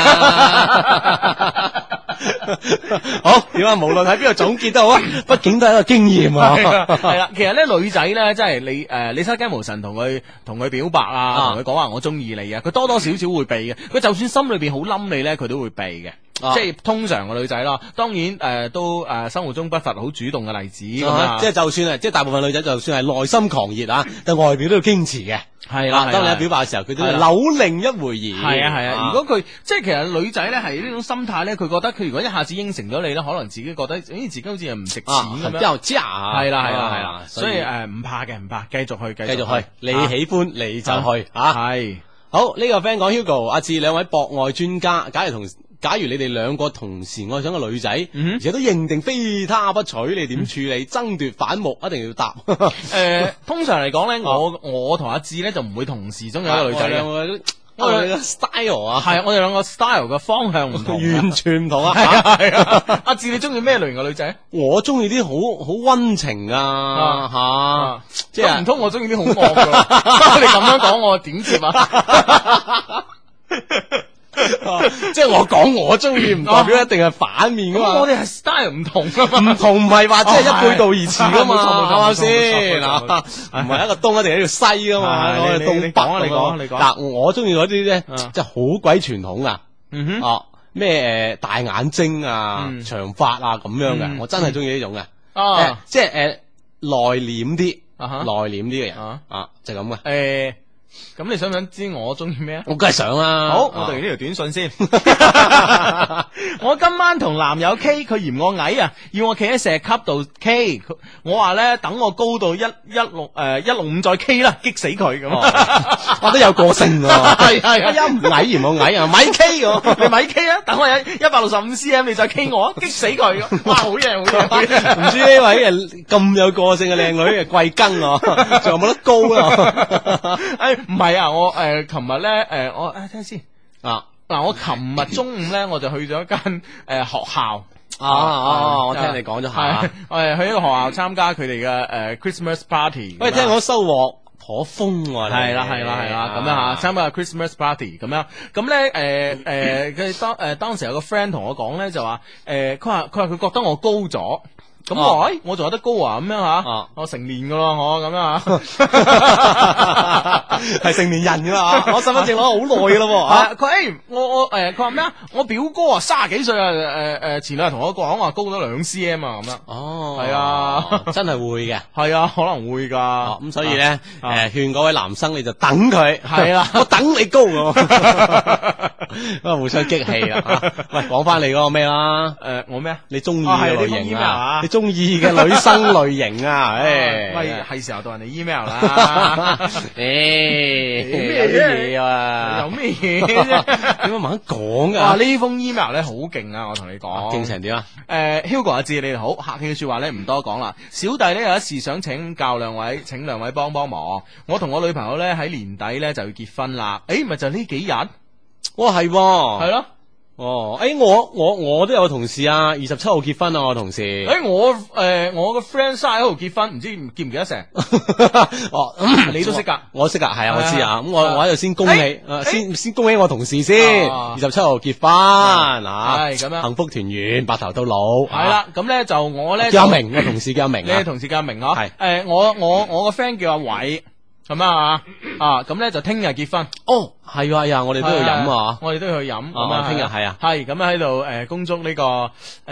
好點啊？無論喺邊度總結都好，啊畢竟都係一個經驗啊。係 啦、啊 啊啊，其實咧女仔咧，即係你誒，你失驚無神同佢同佢表白啊，同佢講話我中意你啊，佢多多少少會避嘅。佢 就算心裏邊好冧你咧，佢都會避嘅。啊、即係通常嘅女仔咯，當然誒、呃、都誒、呃、生活中不乏好主動嘅例子，即、啊、係、就是、就算誒，即、就、係、是、大部分女仔就算係內心狂熱啊， 但外表都要矜持嘅，係啦、啊。當你喺表白嘅時候，佢都扭擰一回事。係啊係啊，如果佢即係其實女仔咧係呢種心態咧，佢覺得佢如果一下子應承咗你咧，可能自己覺得咦，自己好似又唔值錢咁樣，之渣係啦係啦係啦，所以誒唔、啊、怕嘅唔怕，繼續去繼續去、啊，你喜歡你就去啊。係、啊、好呢、這個 friend 講 Hugo 阿志兩位博愛專家，假如同。假如你哋兩個同時愛上個女仔，嗯，而且都認定非他不娶，你點處理？嗯、爭奪反目，一定要答。誒、呃，通常嚟講咧，我我同阿志咧就唔會同時中意一個女仔、啊。我哋 style 啊，係、啊、我哋兩個 style 嘅方向唔同，完全唔同啊！係 啊，係啊。 阿志，你中意咩類型嘅女仔？我中意啲好好温情啊，吓、啊。即係唔通我中意啲好惡嘅？ 你咁樣講我點接啊？ 即 係 我講我中意，唔代表一定係反面噶嘛、啊 啊啊。我哋係 style 唔同，唔同唔係話即係一背道而馳噶嘛，係咪先？唔、啊、係、啊、一個東一定係一個西噶嘛、啊啊啊。我哋東北。你、啊、講，你講。嗱、嗯，我中意嗰啲咧，即係好鬼傳統噶。哦、呃，咩誒大眼睛啊，嗯、長髮啊咁樣嘅、嗯，我真係中意呢種嘅。哦、嗯啊呃，即係誒內斂啲，內斂啲嘅人、uh -huh. 啊，就咁、是、嘅。誒、uh -huh. 呃。咁你想唔想知我中意咩啊？我梗係想啦。好，我讀完呢條短訊先。 我今晚同男友 K，佢嫌我矮啊，要我企喺石級度 K。我話咧，等我高到一一六誒、呃、一六五再 K 啦，激死佢咁啊！我都有個性㗎、啊！係係一唔矮嫌我矮啊，咪 K 我， 你咪 K 啊？等我一一百六十五 cm，你再 K 我，激死佢！哇， 好嘢！好嘢！唔知呢位咁有個性嘅靚女，貴庚啊？仲 有冇得高啊？ 唔係啊，我誒琴日咧誒我誒聽下先啊嗱，我琴日、啊啊、中午咧我就去咗間誒、呃、學校啊啊，啊！我聽你講咗下，我係去一個學校參加佢哋嘅 Christmas party。喂，聽講收穫頗豐喎、啊，係啦係啦係啦，咁樣吓，參加 Christmas party 咁樣，樣，咁咧誒誒佢當誒當時有個 friend 同我講咧就話誒佢話佢話佢覺得我高咗。咁耐、啊，我仲有得高啊！咁樣吓，我成年噶咯，我咁樣啊，係 成年人噶啦、啊、 我身份證攞好耐咯喎吓。佢、啊欸，我我誒，佢話咩啊？我表哥三十、呃、我 2cm，啊，卅幾歲啊，誒誒，前兩日同我講話高咗兩 cm 啊，咁樣。哦，係啊，真係會嘅。係啊，可能會噶。咁、啊嗯、所以咧，誒、啊，勸、啊呃、嗰位男生你、啊啊，你就等佢。係啊，我等你高咁，咁 啊， 互相激氣啊。喂，講翻你嗰個咩啦？誒，我咩啊？你中意嘅類型啊？中意嘅女生類型啊，唉、哎，咪、啊、係時候到人哋 email 啦，唉，咩嘢啊？有咩嘢啫？點解唔肯講嘅？呢封 email 咧好勁啊，我同你講，勁成點啊？誒、呃、Hugo 阿志你好，客氣嘅説話咧唔多講啦。小弟咧有一事想請教兩位，請兩位幫幫忙。我同我女朋友咧喺年底咧就要結婚啦。誒、欸，咪就呢幾日？我係，係咯、啊。哦，誒、欸，我我我都有個同事啊，二十七號結婚啊，我同事。誒、欸，我誒、欸，我個 friend s i 晒喺度結婚，唔知記唔記得成？ 哦， 你都識噶，我，我識噶，係啊，啊，我知啊。咁我我喺度先恭喜，欸、先、欸、先，先恭喜我同事先，二十七號結婚，嗱、啊，咁、啊啊、樣幸福團圓，白頭到老。係啦、啊，咁咧、啊、就我咧阿明嘅同事叫阿明，你同事叫阿明啊？係、啊，誒、啊，我我我個 friend 叫阿偉。咁啊，啊咁咧就聽日結婚。哦，係啊，我哋都要飲啊，我哋都要去飲。咁啊，聽日係啊，係咁樣喺度誒，恭祝呢個誒，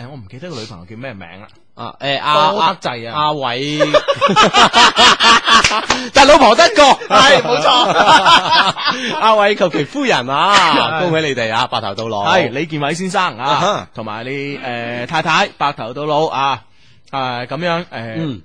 我唔記得個女朋友叫咩名啦。啊，誒，阿阿仔啊，阿偉，但老婆得個係，冇錯。阿偉求其夫人啊，恭喜你哋啊，白頭到老。係李建偉先生啊，同埋你誒太太白頭到老啊，誒咁樣誒，嗯，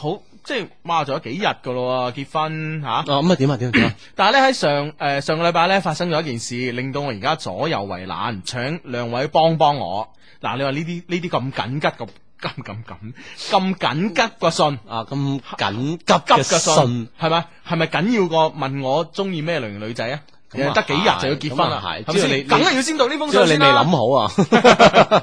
好。即係孖咗幾日噶咯結婚吓。咁啊點啊點啊點啊！啊但係咧喺上誒、呃、上個禮拜咧發生咗一件事，令到我而家左右為難，請兩位幫幫我。嗱、啊，你話呢啲呢啲咁緊急個咁咁咁咁緊急個信啊，咁緊急，急急個信係咪？係咪緊要過問我中意咩類型女仔啊？得幾日就要結婚啦，係咁啊，啊， 啊，你梗係要先讀呢封信，所以你未諗好啊？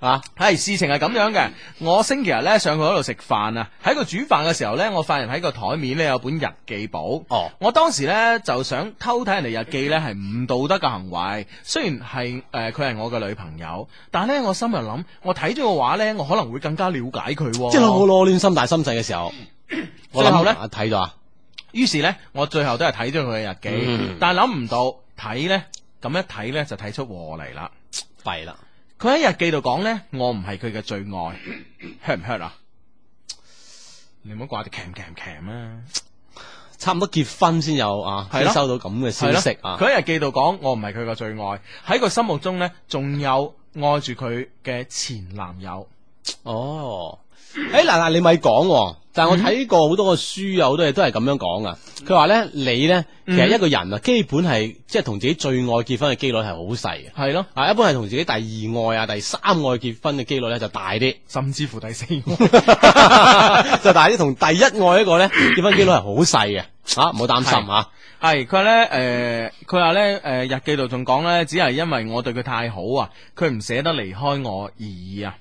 啊，係事情係咁樣嘅。我星期日咧上佢嗰度食飯啊，喺佢煮飯嘅時候咧，我發現喺個台面咧有本日記簿。哦，我當時咧就想偷睇人哋日記咧係唔道德嘅行為，雖然係誒佢係我嘅女朋友，但係咧我心入諗，我睇咗個話咧，我可能會更加了解佢，啊。即係我咯亂心大心細嘅時候，我最後咧睇咗啊。於是咧，我最後都係睇咗佢嘅日記，嗯、但係諗唔到睇咧，咁一睇咧就睇出禍嚟啦，弊啦！佢喺日記度講咧，我唔係佢嘅最愛，嚇唔嚇啊？你唔好掛住強唔強唔啊！差唔多結婚先有啊，收到咁嘅消息啊！佢喺日記度講，我唔係佢嘅最愛，喺佢心目中咧，仲有愛住佢嘅前男友。哦，哎嗱嗱，你咪講喎！但係我睇過好多個書，有好多嘢都係咁樣講啊。佢話咧，你咧其實一個人啊，基本係即係同自己最愛結婚嘅幾率係好細嘅。係咯，啊，一般係同自己第二愛啊、第三愛結婚嘅幾率咧就大啲，甚至乎第四 就大啲。同第一愛一個咧結婚幾率係好細嘅。吓，唔好擔心啊。係佢話咧，誒，佢話咧，誒、呃，日記度仲講咧，只係因為我對佢太好啊，佢唔捨得離開我而已啊。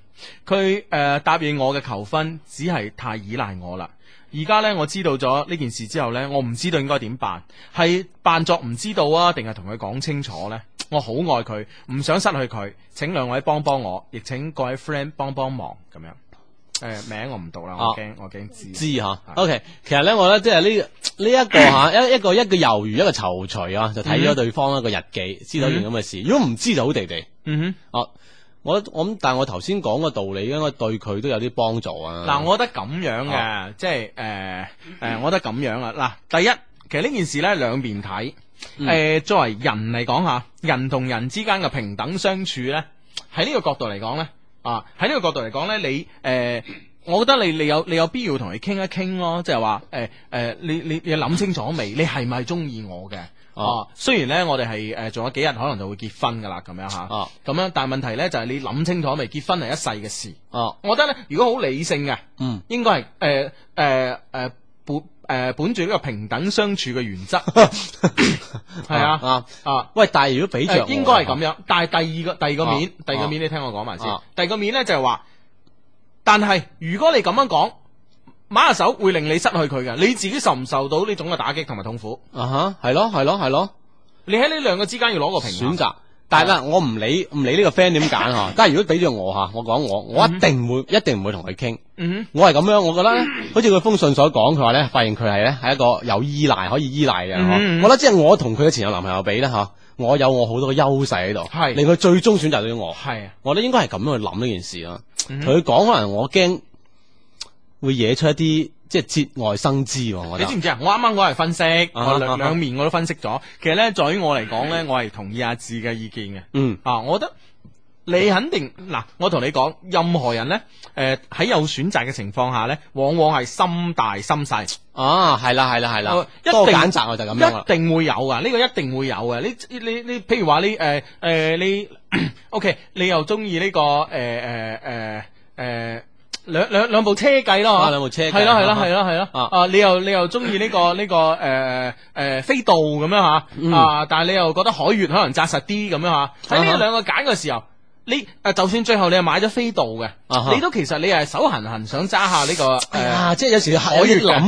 佢誒、呃、答應我嘅求婚，只係太依賴我啦。而家呢，我知道咗呢件事之後呢，我唔知道應該點辦，係扮作唔知道啊，定係同佢講清楚呢？我好愛佢，唔想失去佢，請兩位幫幫我，亦請各位 friend 幫幫忙咁樣。誒、呃，名我唔讀啦，我驚、啊、我驚知知吓。啊、o、okay, K，其實呢，我覺得即係呢呢一個吓一一個一個猶豫，一個躊躇啊，就睇咗對方一個日記，mm -hmm. 知道件咁嘅事。Mm -hmm. 如果唔知就好地地。嗯、mm、哼 -hmm. 啊。哦。我我咁，但係我頭先講個道理，應該對佢都有啲幫助啊！嗱，我覺得咁樣嘅、啊哦，即係誒誒，我覺得咁樣啊！嗱，第一，其實呢件事咧兩面睇，誒、嗯呃，作為人嚟講吓，人同人之間嘅平等相處咧，喺呢個角度嚟講咧，啊，喺呢個角度嚟講咧，你誒、呃，我覺得你你有你有必要同佢傾一傾咯，即係話誒誒，你你你諗清楚未？你係咪中意我嘅？哦，雖然咧，我哋係誒，仲、呃、有幾日可能就會結婚噶啦，咁樣吓。咁、哦、樣，但係問題咧就係、是、你諗清楚未？結婚係一世嘅事。哦，我覺得咧，如果好理性嘅，嗯，應該係誒誒誒，本誒、呃，本住呢個平等相處嘅原則，係 啊啊啊！喂，但係如果俾著，應該係咁樣。啊、但係第二個第二個面，第二個面，你聽我講埋先。第二個面咧、啊啊、就係、是、話，但係如果你咁樣講。買下手會令你失去佢嘅，你自己受唔受到呢種嘅打擊同埋痛苦？啊、uh、吓 -huh？係咯係咯係咯，你喺呢兩個之間要攞個平衡選擇。但係咧、uh -huh. 我唔理唔理呢個 friend 點揀吓，假如如果俾咗我吓，我講我，我一定唔會、uh -huh. 一定唔會同佢傾。Uh -huh. 我係咁樣，我覺得呢、uh -huh. 好似佢封信所講，佢話咧，發現佢係咧係一個有依賴可以依賴嘅。Uh -huh. 我覺得即係我同佢嘅前個男朋友比咧吓，我有我好多嘅優勢喺度，係、uh -huh. 令佢最終選擇到我。係、uh -huh.，我咧應該係咁樣去諗呢件事咯。同佢講可能我驚。會惹出一啲即係節外生枝，我覺得。你知唔知啊？我啱啱嗰係分析，啊、我兩、啊啊、兩面我都分析咗。其實咧，在於我嚟講咧，我係同意阿志嘅意見嘅。嗯，啊，我覺得你肯定嗱，我同你講，任何人咧，誒、呃、喺有選擇嘅情況下咧，往往係心大心細。啊，係啦，係啦，係啦，啦一多我選擇我就咁樣一定會有噶，呢、這個一定會有噶。你你你，譬如話你誒、呃呃、你 ，OK，你又中意呢個誒誒、呃呃呃呃兩兩兩部車計咯，兩、啊、部車係咯係咯係咯係咯，啊你又你又中意呢個呢、 這個誒誒飛度咁樣吓，啊、嗯、但係你又覺得海月可能紮實啲咁樣吓，喺呢兩個揀嘅時候。啊啊你誒，就算最後你係買咗飛度嘅、uh -huh.，你都其實你係手痕痕想揸下呢個，哎、呃、即係有時候海越諗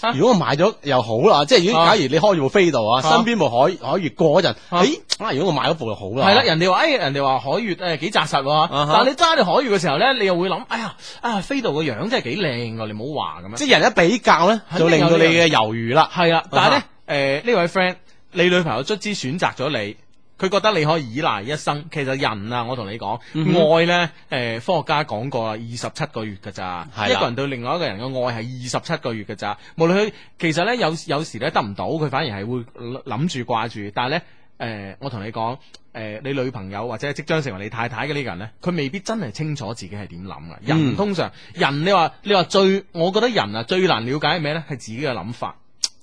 買，如果我買咗又好啦，即係如果假如你開住部飛度啊，身邊部海海越過一陣，哎，如果我買咗、uh -huh. uh -huh. 哎、部就好啦。係、啊、啦，人哋話，哎，人哋話海月誒幾紮實，uh -huh. 但係你揸住海月嘅時候咧，你又會諗，哎呀，啊飛度個樣真係幾靚噶，你唔好話咁樣，即係人一比較咧，就令到你嘅猶豫啦。係、嗯、啦，但係咧，誒、uh、呢 -huh. 呃、位 friend，你女朋友卒之選擇咗你。佢覺得你可以倚賴一生，其實人啊，我同你講、嗯，愛呢、呃、科學家講過啦，二十七個月㗎咋，一個人對另外一個人嘅愛係二十七個月㗎咋。無論佢其實呢，有有時呢得唔到，佢反而係會諗住掛住。但係呢，呃、我同你講，誒、呃，你女朋友或者即將成為你太太嘅呢個人呢，佢未必真係清楚自己係點諗噶。人通常，人你話你話最，我覺得人啊最難了解係咩呢？係自己嘅諗法。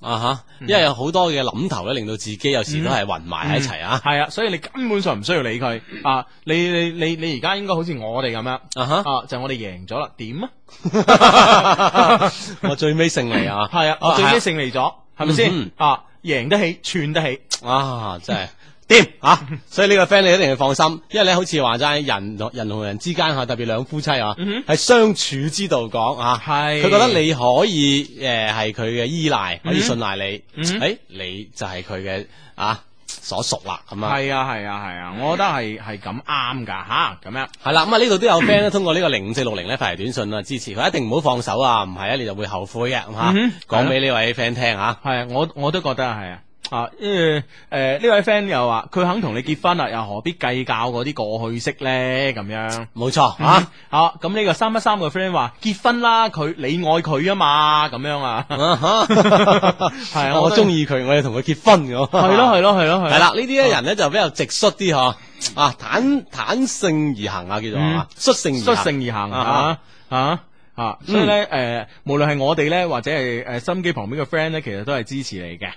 啊哈！因為有好多嘅諗頭咧，令到自己有時都係混埋喺一齊啊。係、嗯嗯、啊，所以你根本上唔需要理佢啊。你你你你而家應該好似我哋咁樣、uh -huh. 啊，就係、我哋贏咗啦，點 啊、嗯、啊？我最尾勝利啊！係啊，我最尾勝利咗，係咪先啊？贏得起，串得起，哇、啊！真係。 掂、啊、所以呢個 friend 你一定要放心，因為你好似話齋人人同人之間吓，特別兩夫妻啊，係、嗯、相處之道講吓，佢、啊、覺得你可以誒係佢嘅依賴，可以信賴你，誒、嗯哎、你就係佢嘅啊所屬啦咁啊，係啊係啊係啊，我覺得係係咁啱噶吓，咁樣係啦，咁啊呢度都有 friend 咧通過呢個零五四六零咧發嚟短信啊支持，佢一定唔好放手啊，唔係啊你就會後悔嘅吓，講俾呢位 friend 聽吓，係、啊、我我都覺得係啊。啊，誒、嗯，誒、呃，呢位 friend 又話佢肯同你結婚啦，又何必計較嗰啲過去式咧？咁樣，冇錯吓，好、啊，咁、啊、呢個三一三嘅 friend 話結婚啦，佢你愛佢啊嘛，咁樣啊，係 我中意佢，我要同佢結婚咁，係 咯，係咯，係咯，係啦，呢啲咧人咧就比較直率啲嗬，啊，坦坦性而行啊，叫做率性率性而行啊，啊，啊、嗯，所以咧，誒、呃，無論係我哋咧，或者係誒、呃、心機旁邊嘅 friend 咧，其實都係支持你嘅。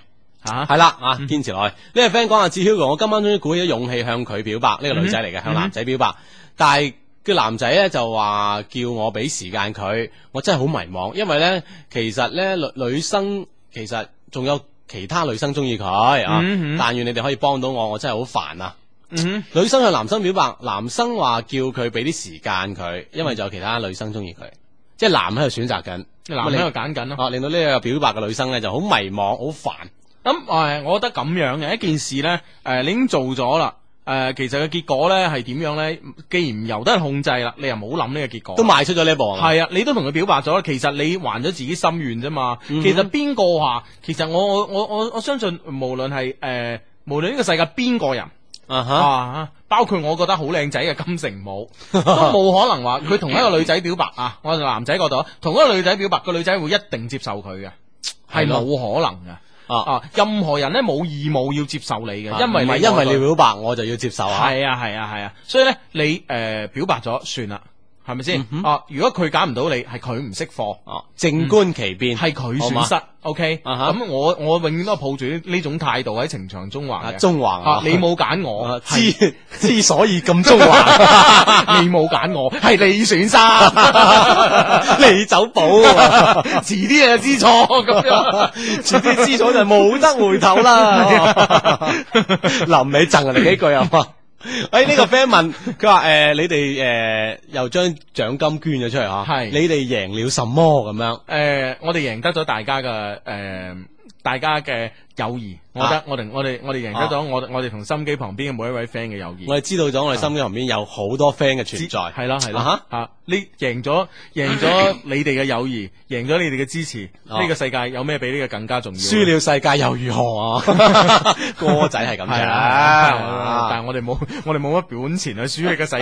吓係啦，啊，堅持落去呢、嗯這個 friend 講下，志曉哥，我今晚終於鼓起勇氣向佢表白，呢、嗯這個女仔嚟嘅向男仔表白，嗯、但係個男仔咧就話叫我俾時間佢，我真係好迷茫，因為咧其實咧女女生其實仲有其他女生中意佢啊，嗯、但願你哋可以幫到我，我真係好煩啊、嗯。女生向男生表白，男生話叫佢俾啲時間佢，因為就有其他女生中意佢，即係男喺度選擇緊，男喺度揀緊咯，令到呢個表白嘅女生咧就好迷茫，好煩。咁、嗯、誒、哎，我覺得咁樣嘅一件事呢，誒、呃，你已經做咗啦。誒、呃，其實個結果呢係點樣呢？既然唔由得人控制啦，你又冇諗諗呢個結果。都邁出咗呢一步係啊，你都同佢表白咗啦。其實你還咗自己心願啫嘛、嗯。其實邊個話？其實我我我我我相信無論、呃，無論係誒，無論呢個世界邊個人啊,啊，包括我覺得好靚仔嘅金城武， 都冇可能話佢同一個女仔表白啊。 我哋男仔角度，同一個女仔表白，個女仔會一定接受佢嘅，係冇可能嘅。啊啊！任何人咧冇義務要接受你嘅、啊，因為唔係因為你表白我就要接受啊？係啊係啊係啊！所以咧，你、呃、誒表白咗算啦。係咪先？啊，如果佢揀唔到你，係佢唔識貨。哦、啊，靜觀其變，係佢損失。O.K. 咁、uh -huh. 嗯、我我永遠都抱住呢種態度喺情場中環嘅中環、啊啊。你冇揀我，之、啊、之所以咁中環， 你冇揀我，係你損失，你 走寶堡，遲啲啊知錯咁樣，遲 啲知錯就冇得回頭啦。臨尾贈你幾句啊！ 誒、哎，呢、這個 friend 問佢話，誒，你哋誒、呃、又將獎金捐咗出嚟吓，係你哋贏了什麼咁樣、呃？誒，我哋贏得咗大家嘅誒、呃，大家嘅。友誼，我覺得我哋、啊、我哋我哋贏得咗我我哋同心機旁邊嘅每一位 friend 嘅友誼，啊，我哋知道咗我哋心機旁邊有好多 friend 嘅存在、嗯，係咯係咯吓，你贏咗贏咗你哋嘅友誼，贏咗你哋嘅支持，呢、啊，這個世界有咩比呢個更加重要？輸了世界又如何啊？啊 歌仔係咁嘅， 但係我哋冇我哋冇乜本錢去輸你嘅世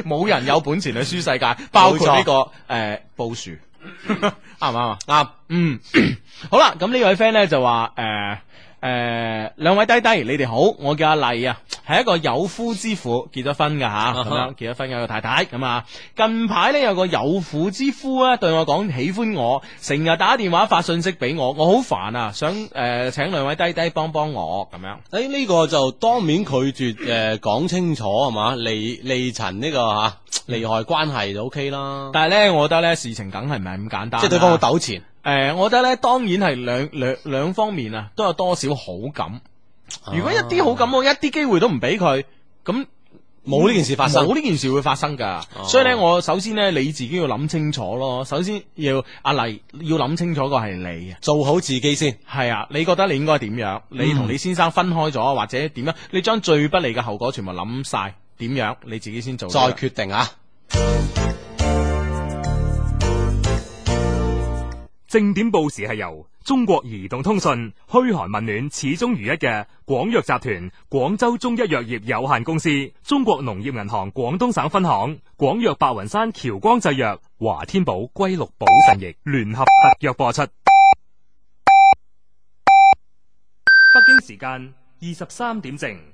界，冇 人有本錢去輸世界， 包括呢、這個誒、呃、布殊。啱唔啱啊？啱，嗯，好啦，咁呢位 friend 咧就話，誒。誒、呃，兩位低低，你哋好，我叫阿麗啊，係一個有夫之婦，結咗婚噶吓，咁、啊、樣結咗婚嘅一個太太，咁啊，近排呢有個有婦之夫啊，對我講喜歡我，成日打電話發信息俾我，我好煩啊，想誒、呃，請兩位低低幫幫我，咁、啊、樣，誒、欸、呢、這個就當面拒絕，誒、呃、講清楚係嘛，利利陳呢、這個吓、啊、利害關係就 OK 啦。但係咧，我覺得呢事情梗係唔係咁簡單、啊，即係對方個糾纏。誒、呃，我覺得咧，當然係兩兩兩方面啊，都有多少好感。啊，如果一啲好感，我一啲機會都唔俾佢，咁冇呢件事發生，冇呢件事會發生噶、啊。所以咧，我首先咧，你自己要諗清楚咯。首先要阿麗、啊、要諗清楚個係你，做好自己先。係啊，你覺得你應該點樣？你同你先生分開咗、嗯，或者點樣？你將最不利嘅後果全部諗晒，點樣你自己先做，再決定啊！正點報時係由中國移動通信噓寒問暖始終如一嘅廣藥集團廣州中一藥業有限公司、中國農業銀行廣東省分行、廣藥白雲山、僑光製藥、華天寶、龜鹿補腎液聯合特約播出。北京時間二十三點正。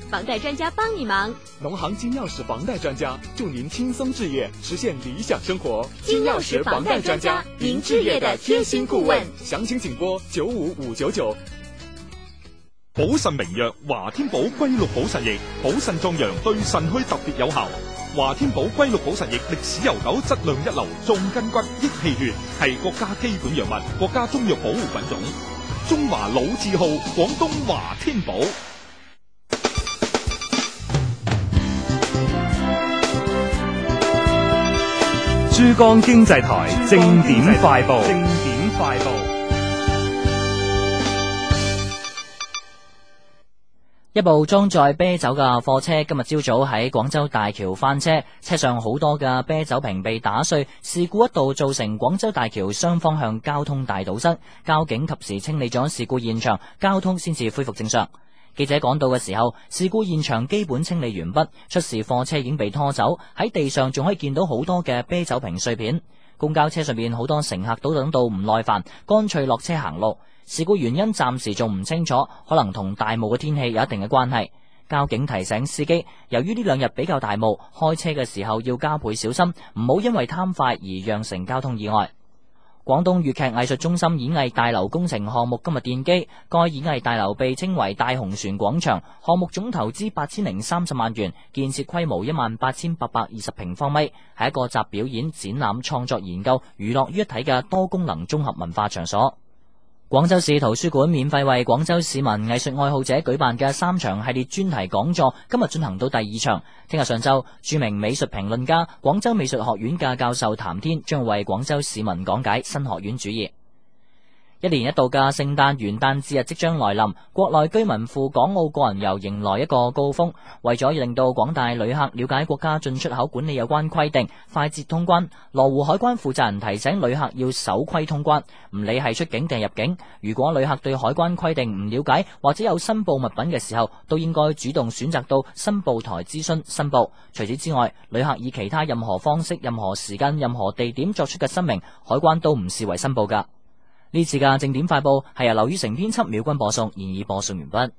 房貸專家幫你忙，農行金鑰匙房貸專家祝您輕鬆置業，實現理想生活。金鑰匙房貸專，專家，您置業的貼心顧問，詳情請撥九五五九九。補腎名藥華天寶龜鹿補腎液，補腎壯陽，對腎虛特別有效。華天寶龜鹿補腎液歷史悠久，質量一流，重筋骨，益氣血，係國家基本藥物，國家中藥保護品種，中華老字號廣東華天寶。珠江經濟台正點快報。正點快報。一部裝載啤酒嘅貨車今日朝早喺廣州大橋翻車，車上好多嘅啤酒瓶被打碎，事故一度造成廣州大橋雙方向交通大堵塞。交警及時清理咗事故現場，交通先至恢復正常。記者趕到嘅時候，事故現場基本清理完畢，出事貨車已經被拖走，喺地上仲可以見到好多嘅啤酒瓶碎片。公交車上面好多乘客都等到唔耐煩，乾脆落車行路。事故原因暫時仲唔清楚，可能同大霧嘅天氣有一定嘅關係。交警提醒司機，由於呢兩日比較大霧，開車嘅時候要加倍小心，唔好因為貪快而釀成交通意外。廣東粵劇藝術中心演藝大樓工程項目今日奠基，該演藝大樓被稱為“大紅船廣場”，項目總投資八千零三十萬元，建設規模一萬八千八百二十平方米，係一個集表演、展覽、創作、研究、娛樂於一體嘅多功能綜合文化場所。廣州市圖書館免費為廣州市民藝術愛好者舉辦嘅三場系列專題講座，今日進行到第二場。聽日上晝，著名美術評論家、廣州美術學院嘅教授譚天將為廣州市民講解新學院主義。一年一度嘅聖誕元旦節日即將來臨，國內居民赴港澳個人遊迎來一個高峰。為咗令到廣大旅客了解國家進出口管理有關規定，快捷通關，羅湖海關負責人提醒旅客要守規通關，唔理係出境定入境。如果旅客對海關規定唔了解，或者有申報物品嘅時候，都應該主動選擇到申報台諮詢申報。除此之外，旅客以其他任何方式、任何時間、任何地點作出嘅聲明，海關都唔視為申報噶。呢次嘅正點快報係由劉宇成編輯、秒君播送，現已播送完畢。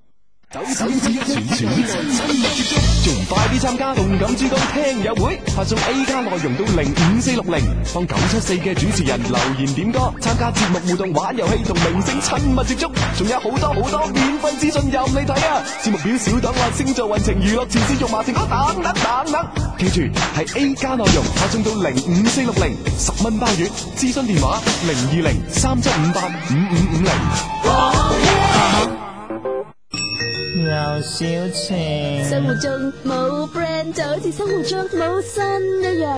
走九折，全全親親接觸，仲快啲參加動感珠江聽友會，發送 A 加內容到零五四六零，幫九七四嘅主持人留言點歌，參加節目互動，玩遊戲，同明星親密接觸，仲有好多好多免費資訊任你睇啊！節目表小等、小動物、星座運程、娛樂前線、肉麻情歌等等等等。記住，係 A 加內容發送到零五四六零，十蚊包月，諮詢電話零二零三七五八五五五零。小晴，生活中冇 friend，就好似生活中冇新一樣。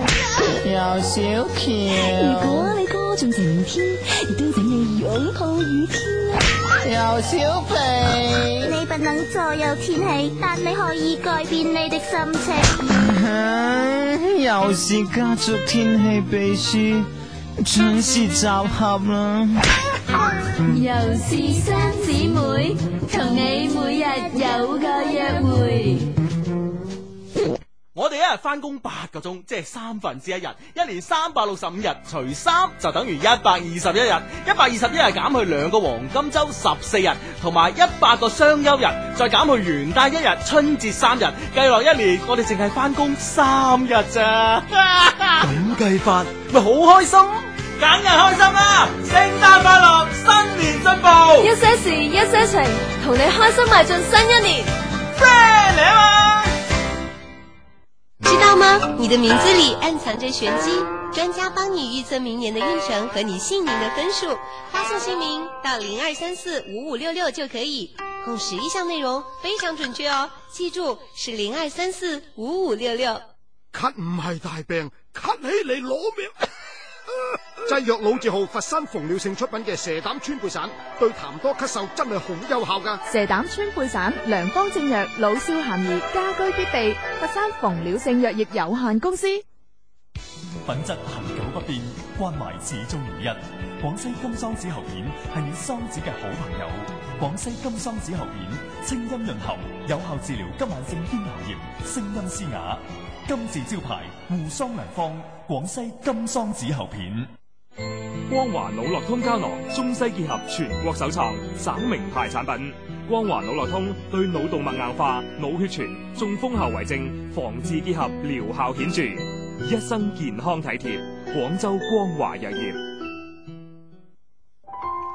又小喬，如果你歌頌晴天，亦都等你擁抱雨天啊。又小肥，你不能左右天氣，但你可以改變你的心情。嗯哼，又是家族天氣秘書，準時集合啦。又、嗯、是三姊妹，同你每日有個約會。 我哋一日翻工八個鐘，即係三分之一日，一年三百六十五日，除三就等於一百二十一日，一百二十一日減去兩個黃金周十四日，同埋一百個雙休日，再減去元旦一日、春節三日，計落一年，我哋淨係翻工三日咋？咁 計法咪好開心。 梗係開心啦、啊！聖誕快樂，新年進步！一些事，一些情，同你開心邁進新一年。Friends，知道嗎？你的名字裏暗藏着玄機，專家幫你預測明年的運程和你姓名的分數。發送姓名到零二三四五五六六就可以，共十一項內容，非常準確哦。記住，是零二三四五五六六。咳，唔係大病，咳起你攞命。製藥老字號佛山馮了性出品嘅蛇膽川貝散，對痰多咳嗽真係好有效噶。蛇膽川貝散，良方正藥，老少咸宜，家居必備。佛山馮了性藥業有限公司，品質恆久不變，關懷始終如一。廣西金桑子喉片係你桑子嘅好朋友。廣西金桑子喉片，清音潤喉，有效治療急慢性咽喉炎，聲音嘶啞。金字招牌，護桑良方。廣西金桑子喉片，光華腦絡通膠囊，中西結合，全國首創，省名牌產品。光華腦絡通對腦動脈硬化、腦血栓、中風後遺症防治結合，療效顯著，一生健康體貼。廣州光華藥業。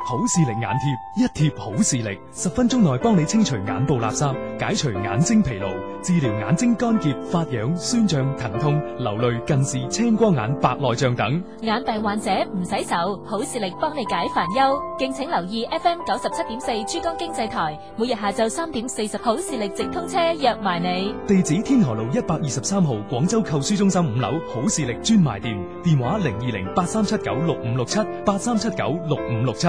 好視力眼貼，一貼好視力，十分鐘內幫你清除眼部垃圾，解除眼睛疲勞，治療眼睛乾澀、發癢、酸脹、疼痛、流淚、近視、青光眼、白內障等眼病患者唔洗手，好視力幫你解煩憂，敬請留意 FM 九十七點四珠江經濟台，每日下晝三點四十，好視力直通車約埋你。地址：天河路一百二十三號廣州購書中心五樓好視力專賣店，電話零二零八三七九六五六七八三七九六五六七。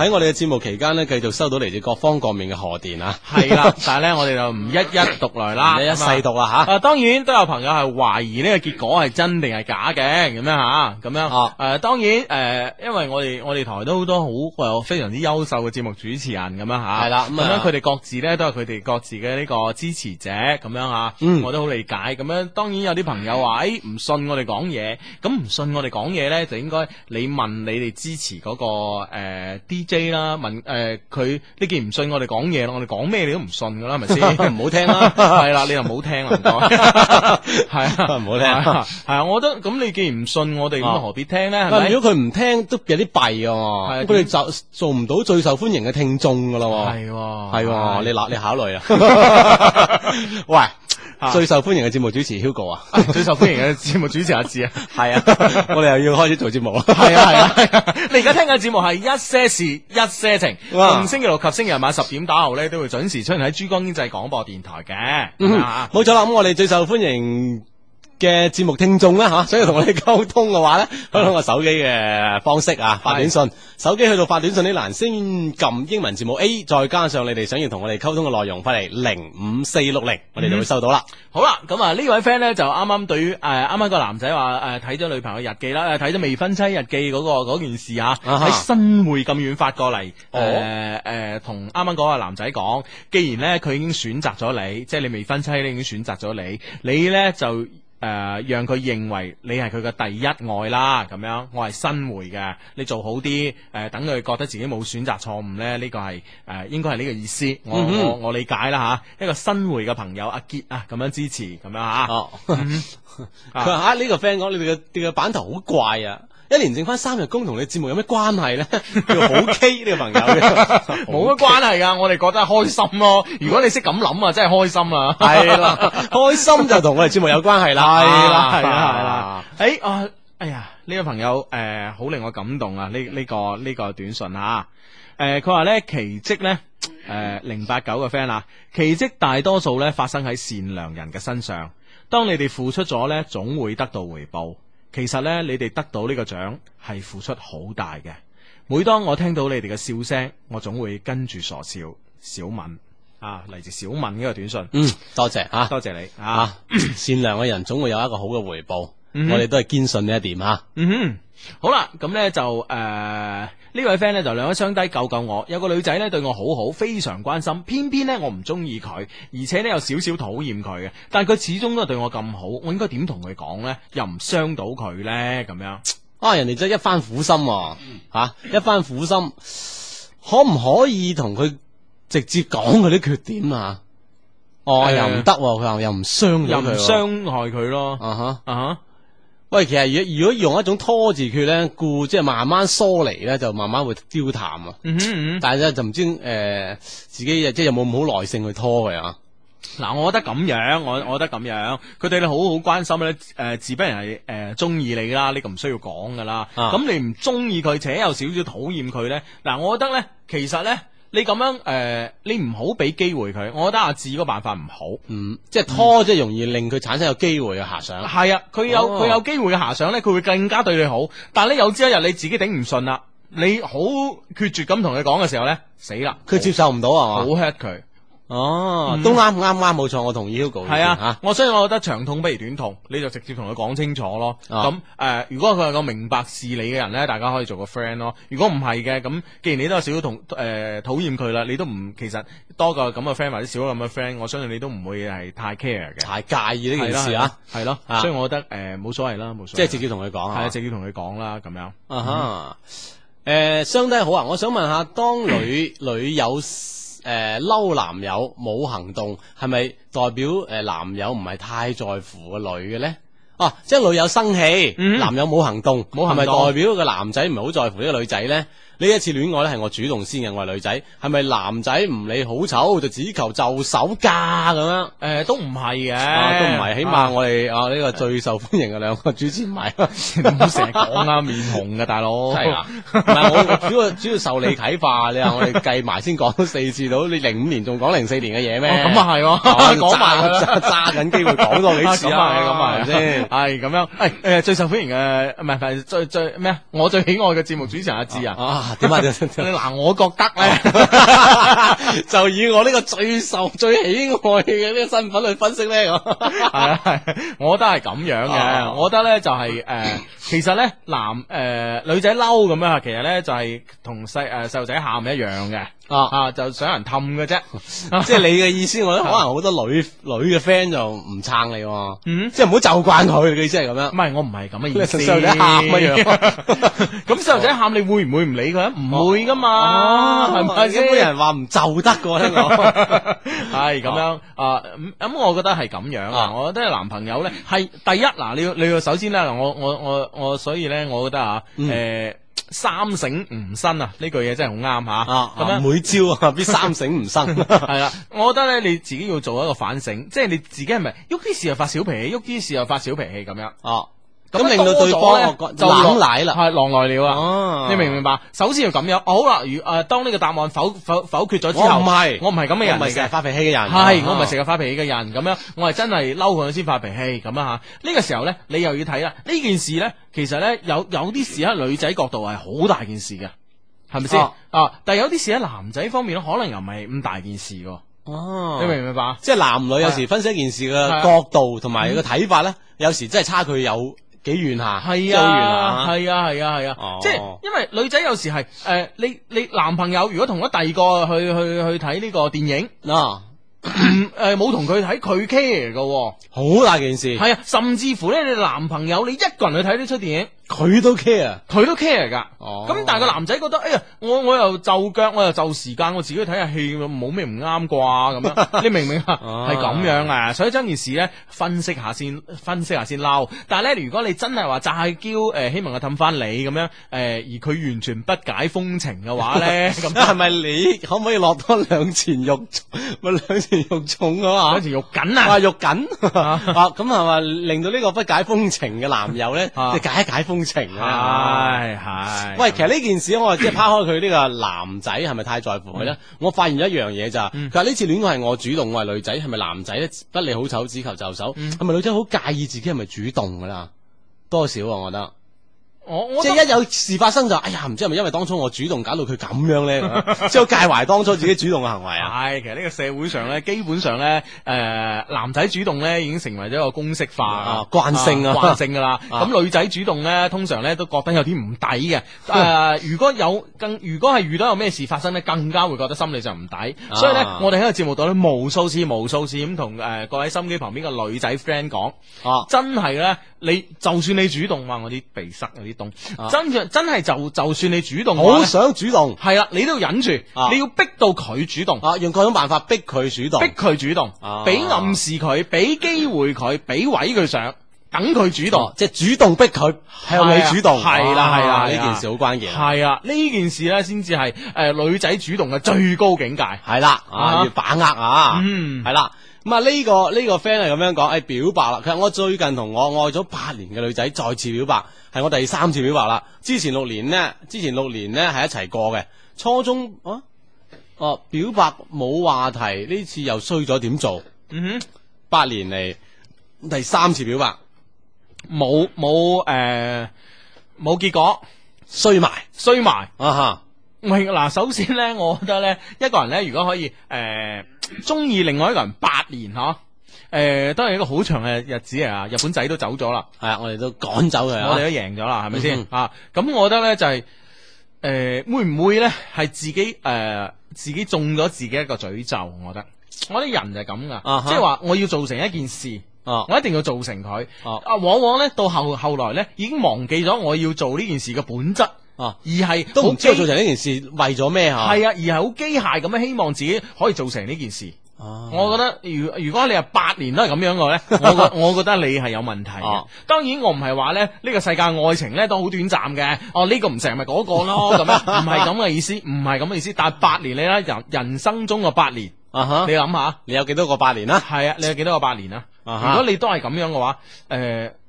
喺我哋嘅節目期間呢，繼續收到嚟自各方各面嘅賀電啊！係啦，但係咧， 我哋就唔一一讀嚟啦， 一一細讀啦、啊、嚇、啊。當然都有朋友係懷疑呢個結果係真定係假嘅咁樣咁樣誒、哦啊，當然誒、呃，因為我哋我哋台都好多好非常之優秀嘅節目主持人咁樣係啦，咁樣佢哋各自咧都係佢哋各自嘅呢個支持者咁樣嗯，我都好理解。咁樣當然有啲朋友、哎、話：誒唔信我哋講嘢，咁唔信我哋講嘢咧，就應該你問你哋支持嗰、嗰個、呃 D J 啦，文誒佢既然唔信我哋講嘢咯，我哋講咩你都唔信噶啦，係咪先？唔好聽啦，係啦，你又唔好聽啦，係啊，唔好聽，係啊，我覺得咁你既然唔信我哋，咁何必聽咧？係咪？如果佢唔聽，都有啲弊喎，佢哋就做唔到最受歡迎嘅聽眾噶咯，係喎，係喎，你嗱你考慮啊，喂。最受歡迎嘅節目主持 Hugo 啊，最受歡迎嘅節目主持阿志啊，係啊，我哋又要開始做節目啊，係啊係啊，你而家聽緊嘅節目係一些事一些情，逢星期六及星期日晚十點打後咧都會準時出現喺珠江經濟廣播電台嘅、嗯，冇錯啦，咁我哋最受歡迎。嘅節目聽眾啦，嚇，想要同我哋溝通嘅話咧，響個手機嘅方式啊，發短信，手機去到發短信呢欄，先撳英文字母 A，再加上你哋想要同我哋溝通嘅內容，發嚟零五四六零，05460, 我哋就會收到啦、嗯。好啦，咁啊呢位 friend 呢，就啱啱對於誒啱啱個男仔話誒睇咗女朋友日記啦，睇、呃、咗未婚妻日記嗰、嗰個嗰件事啊，喺新會咁遠發過嚟，誒誒同啱啱嗰個男仔講，既然呢，佢已經選擇咗你，即係你未婚妻咧已經選擇咗你，你呢就。誒、呃，讓佢認為你係佢嘅第一愛啦，咁樣我係新會嘅，你做好啲，誒、呃，等佢覺得自己冇選擇錯誤咧，呢、這個係誒、呃，應該係呢個意思，我、嗯、我，我理解啦吓，一個新會嘅朋友阿杰啊，咁樣支持，咁樣吓。哦，嗯、 佢話 啊，呢、啊、個 friend 講你哋嘅，你嘅版頭好怪啊。一年剩翻三日工，同你節目有咩關係呢？ 叫好 K 呢個朋友，冇乜關係噶，我哋覺得開心咯。如果你識咁諗啊，真係開心啊！係 啦是的， 開心就同我哋節目有關係啦。係 啦，係啦，係啦。誒、 哎啊，哎呀，呢、這個朋友誒，好、呃、令我感動、這個這個、啊！呢呢個呢個短信啊，誒，佢話呢奇迹呢，誒，零八九嘅 friend 啊，fan, 奇迹大多數呢發生喺善良人嘅身上。當你哋付出咗呢，總會得到回報。其實咧，你哋得到呢個獎係付出好大嘅。每當我聽到你哋嘅笑聲，我總會跟住傻笑。小敏啊，嚟自小敏呢個短信。嗯，多謝啊，多謝你啊，啊，善良嘅人總會有一個好嘅回報。Mm -hmm. 我哋都係堅信呢一點哈。嗯哼，好啦，咁、呃、呢就誒呢位 friend 咧就兩相低救救我。有個女仔呢對我好好，非常關心，偏偏呢我唔中意佢，而且呢有少少討厭佢嘅。但係佢始終都係對我咁好，我應該點同佢講呢？又唔傷到佢呢？咁樣啊，人哋真係一番苦心吓、啊啊，一番苦心，可唔可以同佢直接講佢啲缺點啊？哦、啊，又唔得、啊，佢又唔傷佢，又唔傷害佢咯。啊哈，啊哈。喂，其實如果如果用一種拖字訣咧，固即係慢慢疏離咧，就慢慢會丟淡啊。嗯，嗯但係咧就唔知誒、呃、自己即係有冇好耐性去拖佢啊？嗱、啊，我覺得咁樣，我我覺得咁樣，佢對你好好關心咧，誒、呃、自不人係誒中意你噶啦，你唔需要講噶啦。咁、啊、你唔中意佢，且有少少討厭佢咧，嗱、啊，我覺得咧，其實咧。你咁樣誒、呃，你唔好俾機會佢。我覺得阿志嗰個辦法唔好，嗯，即係拖，即係容易令佢產生有機會嘅遐想。係、嗯、啊，佢有佢、哦哦、有機會嘅遐想呢，佢會更加對你好。但係咧有朝一日你自己頂唔順啦，你好決絕咁同佢講嘅時候呢，死啦，佢接受唔到啊，好 hurt 佢。哦，嗯、都啱啱啱冇錯，我同意 Hugo。係啊，我、啊、所以我覺得長痛不如短痛，你就直接同佢講清楚咯。咁、啊、誒、呃，如果佢係個明白事理嘅人呢，大家可以做個 friend 咯。如果唔係嘅，咁既然你都有少少同誒、呃、討厭佢啦，你都唔其實多個咁嘅 friend 或者少咗咁嘅 friend，我相信你都唔會係太 care 嘅，太介意呢件事啊。係咯，是是是 所以我覺得誒冇、呃、所謂啦，冇所謂。即係直接同佢講，直接同佢講啦，咁樣。相、啊、哈。誒、嗯，呃、好啊，我想問下，當女、嗯、女友。誒、呃，嬲男友冇行動，係咪代表誒男友唔係太在乎個女嘅咧？哦、啊，即係女友生氣、嗯，男友冇行動，冇行動，係咪代表個男仔唔係好在乎呢個女仔咧？呢一次戀愛咧係我主動先認為女仔，係咪男仔唔理好醜就只求就手嫁咁樣？誒、欸，都唔係嘅，都唔係，起碼我哋啊呢、啊這個最受歡迎嘅兩個主持人唔係，唔成日講啊 面紅㗎大佬，係啦、啊，唔係我，我主要我主要受 你啟發。你話、啊啊、 我哋計埋先講四次到，你零五年仲講零四年嘅嘢咩？咁啊係喎，講埋揸揸緊機會講多幾次啊，咁咪先，係、啊、咁樣、啊啊啊、樣，誒、哎呃、最受歡迎嘅唔係最最咩啊？我最喜愛嘅節目主持人阿志、嗯、啊！啊啊啊點啊？嗱、啊 得， 我覺得咧，就以我呢個最受最喜愛嘅呢個身份去分析咧，係，係覺得係咁樣嘅，我覺得咧就係、係、誒。呃 其實咧男誒、呃、女仔嬲咁樣啊，其實咧就係同細誒細路仔喊一樣嘅啊啊就想人氹嘅啫，即係你嘅意思，啊、我覺得可能好多女女嘅 friend 就唔撐你，嗯、即係唔好就慣佢嘅意思係咁樣。唔、嗯、係我唔係咁嘅意思。細路仔喊一樣，咁細路仔喊你會唔會唔理佢？唔會噶嘛，係咪先？是是啊、人話唔就得嘅、啊，聽講係咁樣啊咁、啊啊啊嗯嗯嗯，我覺得係咁樣啊。我覺得男朋友咧係第一嗱，你要你要首先咧嗱，我我我。我我所以咧、嗯欸啊啊啊啊， 我覺得啊，誒，三省吾身啊，呢句嘢真係好啱吓。啊，咁樣每朝啊，必三省吾身。係啦，我覺得咧，你自己要做一個反省，即、就、係、是、你自己係咪喐啲事又發小脾氣，喐啲事又發小脾氣咁樣、啊咁令到對方就咁奶啦，係狼來了啊、哦！你明唔明白？首先要咁樣，哦、好啦，如誒，當呢個答案否否否決咗之後，我唔係，我唔係咁嘅人嘅、就是，發脾氣嘅人，係、哦、我唔係成日發脾氣嘅人，咁樣我係真係嬲佢先發脾氣咁樣吓！呢、啊這個時候咧，你又要睇啦，呢件事咧，其實咧有有啲事喺女仔角度係好大件事嘅，係咪先啊？但係有啲事喺男仔方面咧，可能又唔係咁大件事哦，你明唔明白？即係男女有時分析一件事嘅角度同埋、啊、個睇法咧，有時真係差距有。嗯幾遠下，好遠啊！係啊係啊係啊，係啊係啊係啊哦、即係因為女仔有時係誒、呃，你你男朋友如果同咗第二個去去去睇呢個電影嗱，誒冇同佢睇佢 care 㗎喎。好、嗯呃、大件事。係啊，甚至乎咧，你男朋友你一個人去睇呢出電影。佢都 care，佢都 care 噶，咁、哦、但係個男仔覺得，哎呀，我我又就腳，我又就時間，我自己睇下戲，冇咩唔啱啩，咁樣，你明唔明啊？係、哦、咁樣啊，所以將件事咧分析下先，分析下先嬲。但係咧，如果你真係話詐下嬌，誒、呃，希望我氹翻你咁樣，誒、呃，而佢完全不解風情嘅話咧，咁係咪你可唔可以落多兩錢肉，咪兩錢肉重？啊？兩、哦、錢肉緊啊？話肉緊，咁係咪令到呢個不解風情嘅男友咧，啊、解一解風情？情係係、啊，喂，其實呢件事、嗯、我即係拋開佢呢個男仔係咪太在乎佢咧、嗯，我發現一樣嘢就，嗱、嗯、呢次戀愛係我主動，我係女仔，係、嗯、咪男仔不理好醜只求就手，係、嗯、咪女仔好介意自己係咪主動噶啦？多少、啊、我覺得。我，我即係一有事發生就，哎呀，唔知係咪因為當初我主動搞到佢咁樣呢？即 係介懷當初自己主動嘅行為啊？係、 哎，其實呢個社會上呢，基本上呢，誒、呃，男仔主動呢，已經成為咗一個公式化啊慣性啊慣、啊、性噶啦。咁、啊、女仔主動呢，通常呢，都覺得有啲唔抵嘅。誒、呃，如果有更，如果係遇到有咩事發生呢，更加會覺得心理就唔抵。所以呢，啊、我哋喺個節目度呢，無數次無數次咁同誒各位心機旁邊嘅女仔 friend 講，啊，真係呢。」你就算你主動話我啲鼻塞有啲凍，真係真係就就算你主動，好、啊、想主動，係啦、啊，你都要忍住、啊，你要逼到佢主動啊，用各種辦法逼佢主動，逼佢主動，俾、啊、暗示佢，俾機會佢，俾位佢上，等佢主動，即、嗯即係、主動逼佢，係你、啊、主動，係啦係啦，呢、啊啊啊啊啊啊啊啊、件事好關鍵，係啊，呢件事呢先至係誒女仔主動嘅最高境界，係啦、啊，要、啊啊、把握啊，嗯，係啦、啊。咁啊呢個呢個 friend 係咁樣講，係、哎、表白啦。其實我最近同我愛咗八年嘅女仔再次表白，係我第三次表白啦。之前六年呢，之前六年呢，係一齊過嘅。初中哦、啊、哦，表白冇話題，呢次又衰咗，點做？嗯哼，八年嚟第三次表白，冇冇誒，冇、呃、結果，衰埋衰埋啊哈。喂，嗱，首先咧，我覺得咧，一個人咧，如果可以，誒、呃，中意另外一個人八年嗬，誒、呃，都係一個好長嘅日子啊，日本仔都走咗啦，係啊，我哋都趕走佢，我哋都贏咗啦，係咪先？啊，咁、嗯啊、我覺得咧就係、是，誒、呃，會唔會咧係自己誒、呃，自己中咗自己一個詛咒？我覺得，我啲人就係咁噶，即係話我要做成一件事，啊、我一定要做成佢、啊，啊，往往咧到後後來咧，已經忘記咗我要做呢件事嘅本質。是啊,是啊！而係都唔知做成呢件事為咗咩吓？係啊，而係好機械咁樣希望自己可以做成呢件事、啊。我覺得如如果你係八年都係咁樣嘅咧， 我我我覺得你係有問題、啊。當然我唔係話咧呢、這個世界愛情咧都好短暫嘅。哦、啊，呢、這個唔成咪嗰個咯，咁 樣唔係咁嘅意思，唔係咁嘅意思。但係八年你咧人人生中嘅八年，啊你諗下，你有幾多個八年啦、啊、係啊，你有幾多個八年啊,啊？如果你都係咁樣嘅話，誒、呃。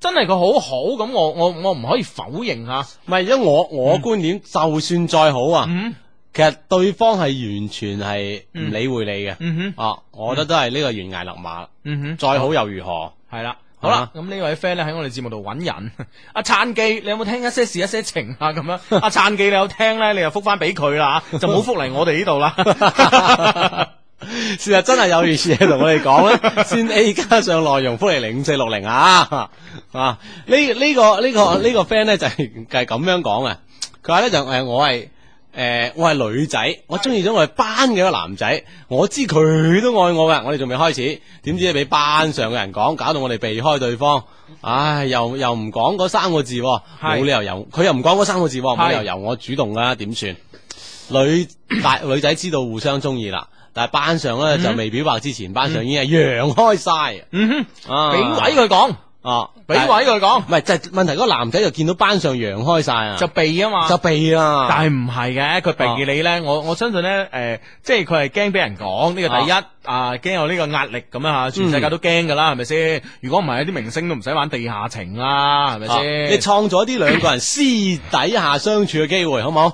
真係佢好好咁，我我我唔可以否認吓、啊。唔係，因為我我觀點就算再好啊，嗯、其實對方係完全係唔理會你嘅、嗯。啊我覺得都係呢個懸崖勒馬。嗯哼，再好又如何？係啦、嗯，好啦，咁、嗯、呢位 friend 咧喺我哋節目度揾人。阿、啊、燦記，你有冇聽一些事一些情啊？咁樣，阿 燦、啊、記，你有聽咧，你又覆翻俾佢啦，就冇覆嚟我哋呢度啦。 事實真係有件事要，同我哋講咧，先 A 加上內容，歡迎零五四六零啊啊！啊啊這個這個這個、呢、就是、呢個呢個呢個 friend 咧就係咁樣講嘅。佢話咧就誒我係誒、呃、我係女仔，我中意咗我哋班嘅一個男仔，我知佢都愛我嘅，我哋仲未開始，點知俾班上嘅人講，搞到我哋避開對方，唉、哎，又又唔講嗰三個字，冇理由由佢又唔講嗰三個字，冇理由由我主動㗎，點算？女大女仔知道互相中意啦。但係班上咧、嗯、就未表白之前，班上已經係揚開晒。嗯哼，啊，俾位佢講，啊，俾位佢講，唔係即係問題嗰個男仔就見到班上揚開晒啊，就避啊嘛，就避啊。但係唔係嘅，佢避你咧、啊，我我相信咧，誒，即係佢係驚俾人講，呢個第一，啊，驚有呢個壓力咁啊吓，全世界都驚噶啦，係咪先？如果唔係，啲明星都唔使玩地下情啦，係咪先？你創造一啲兩個人私底下相處嘅機會，好冇？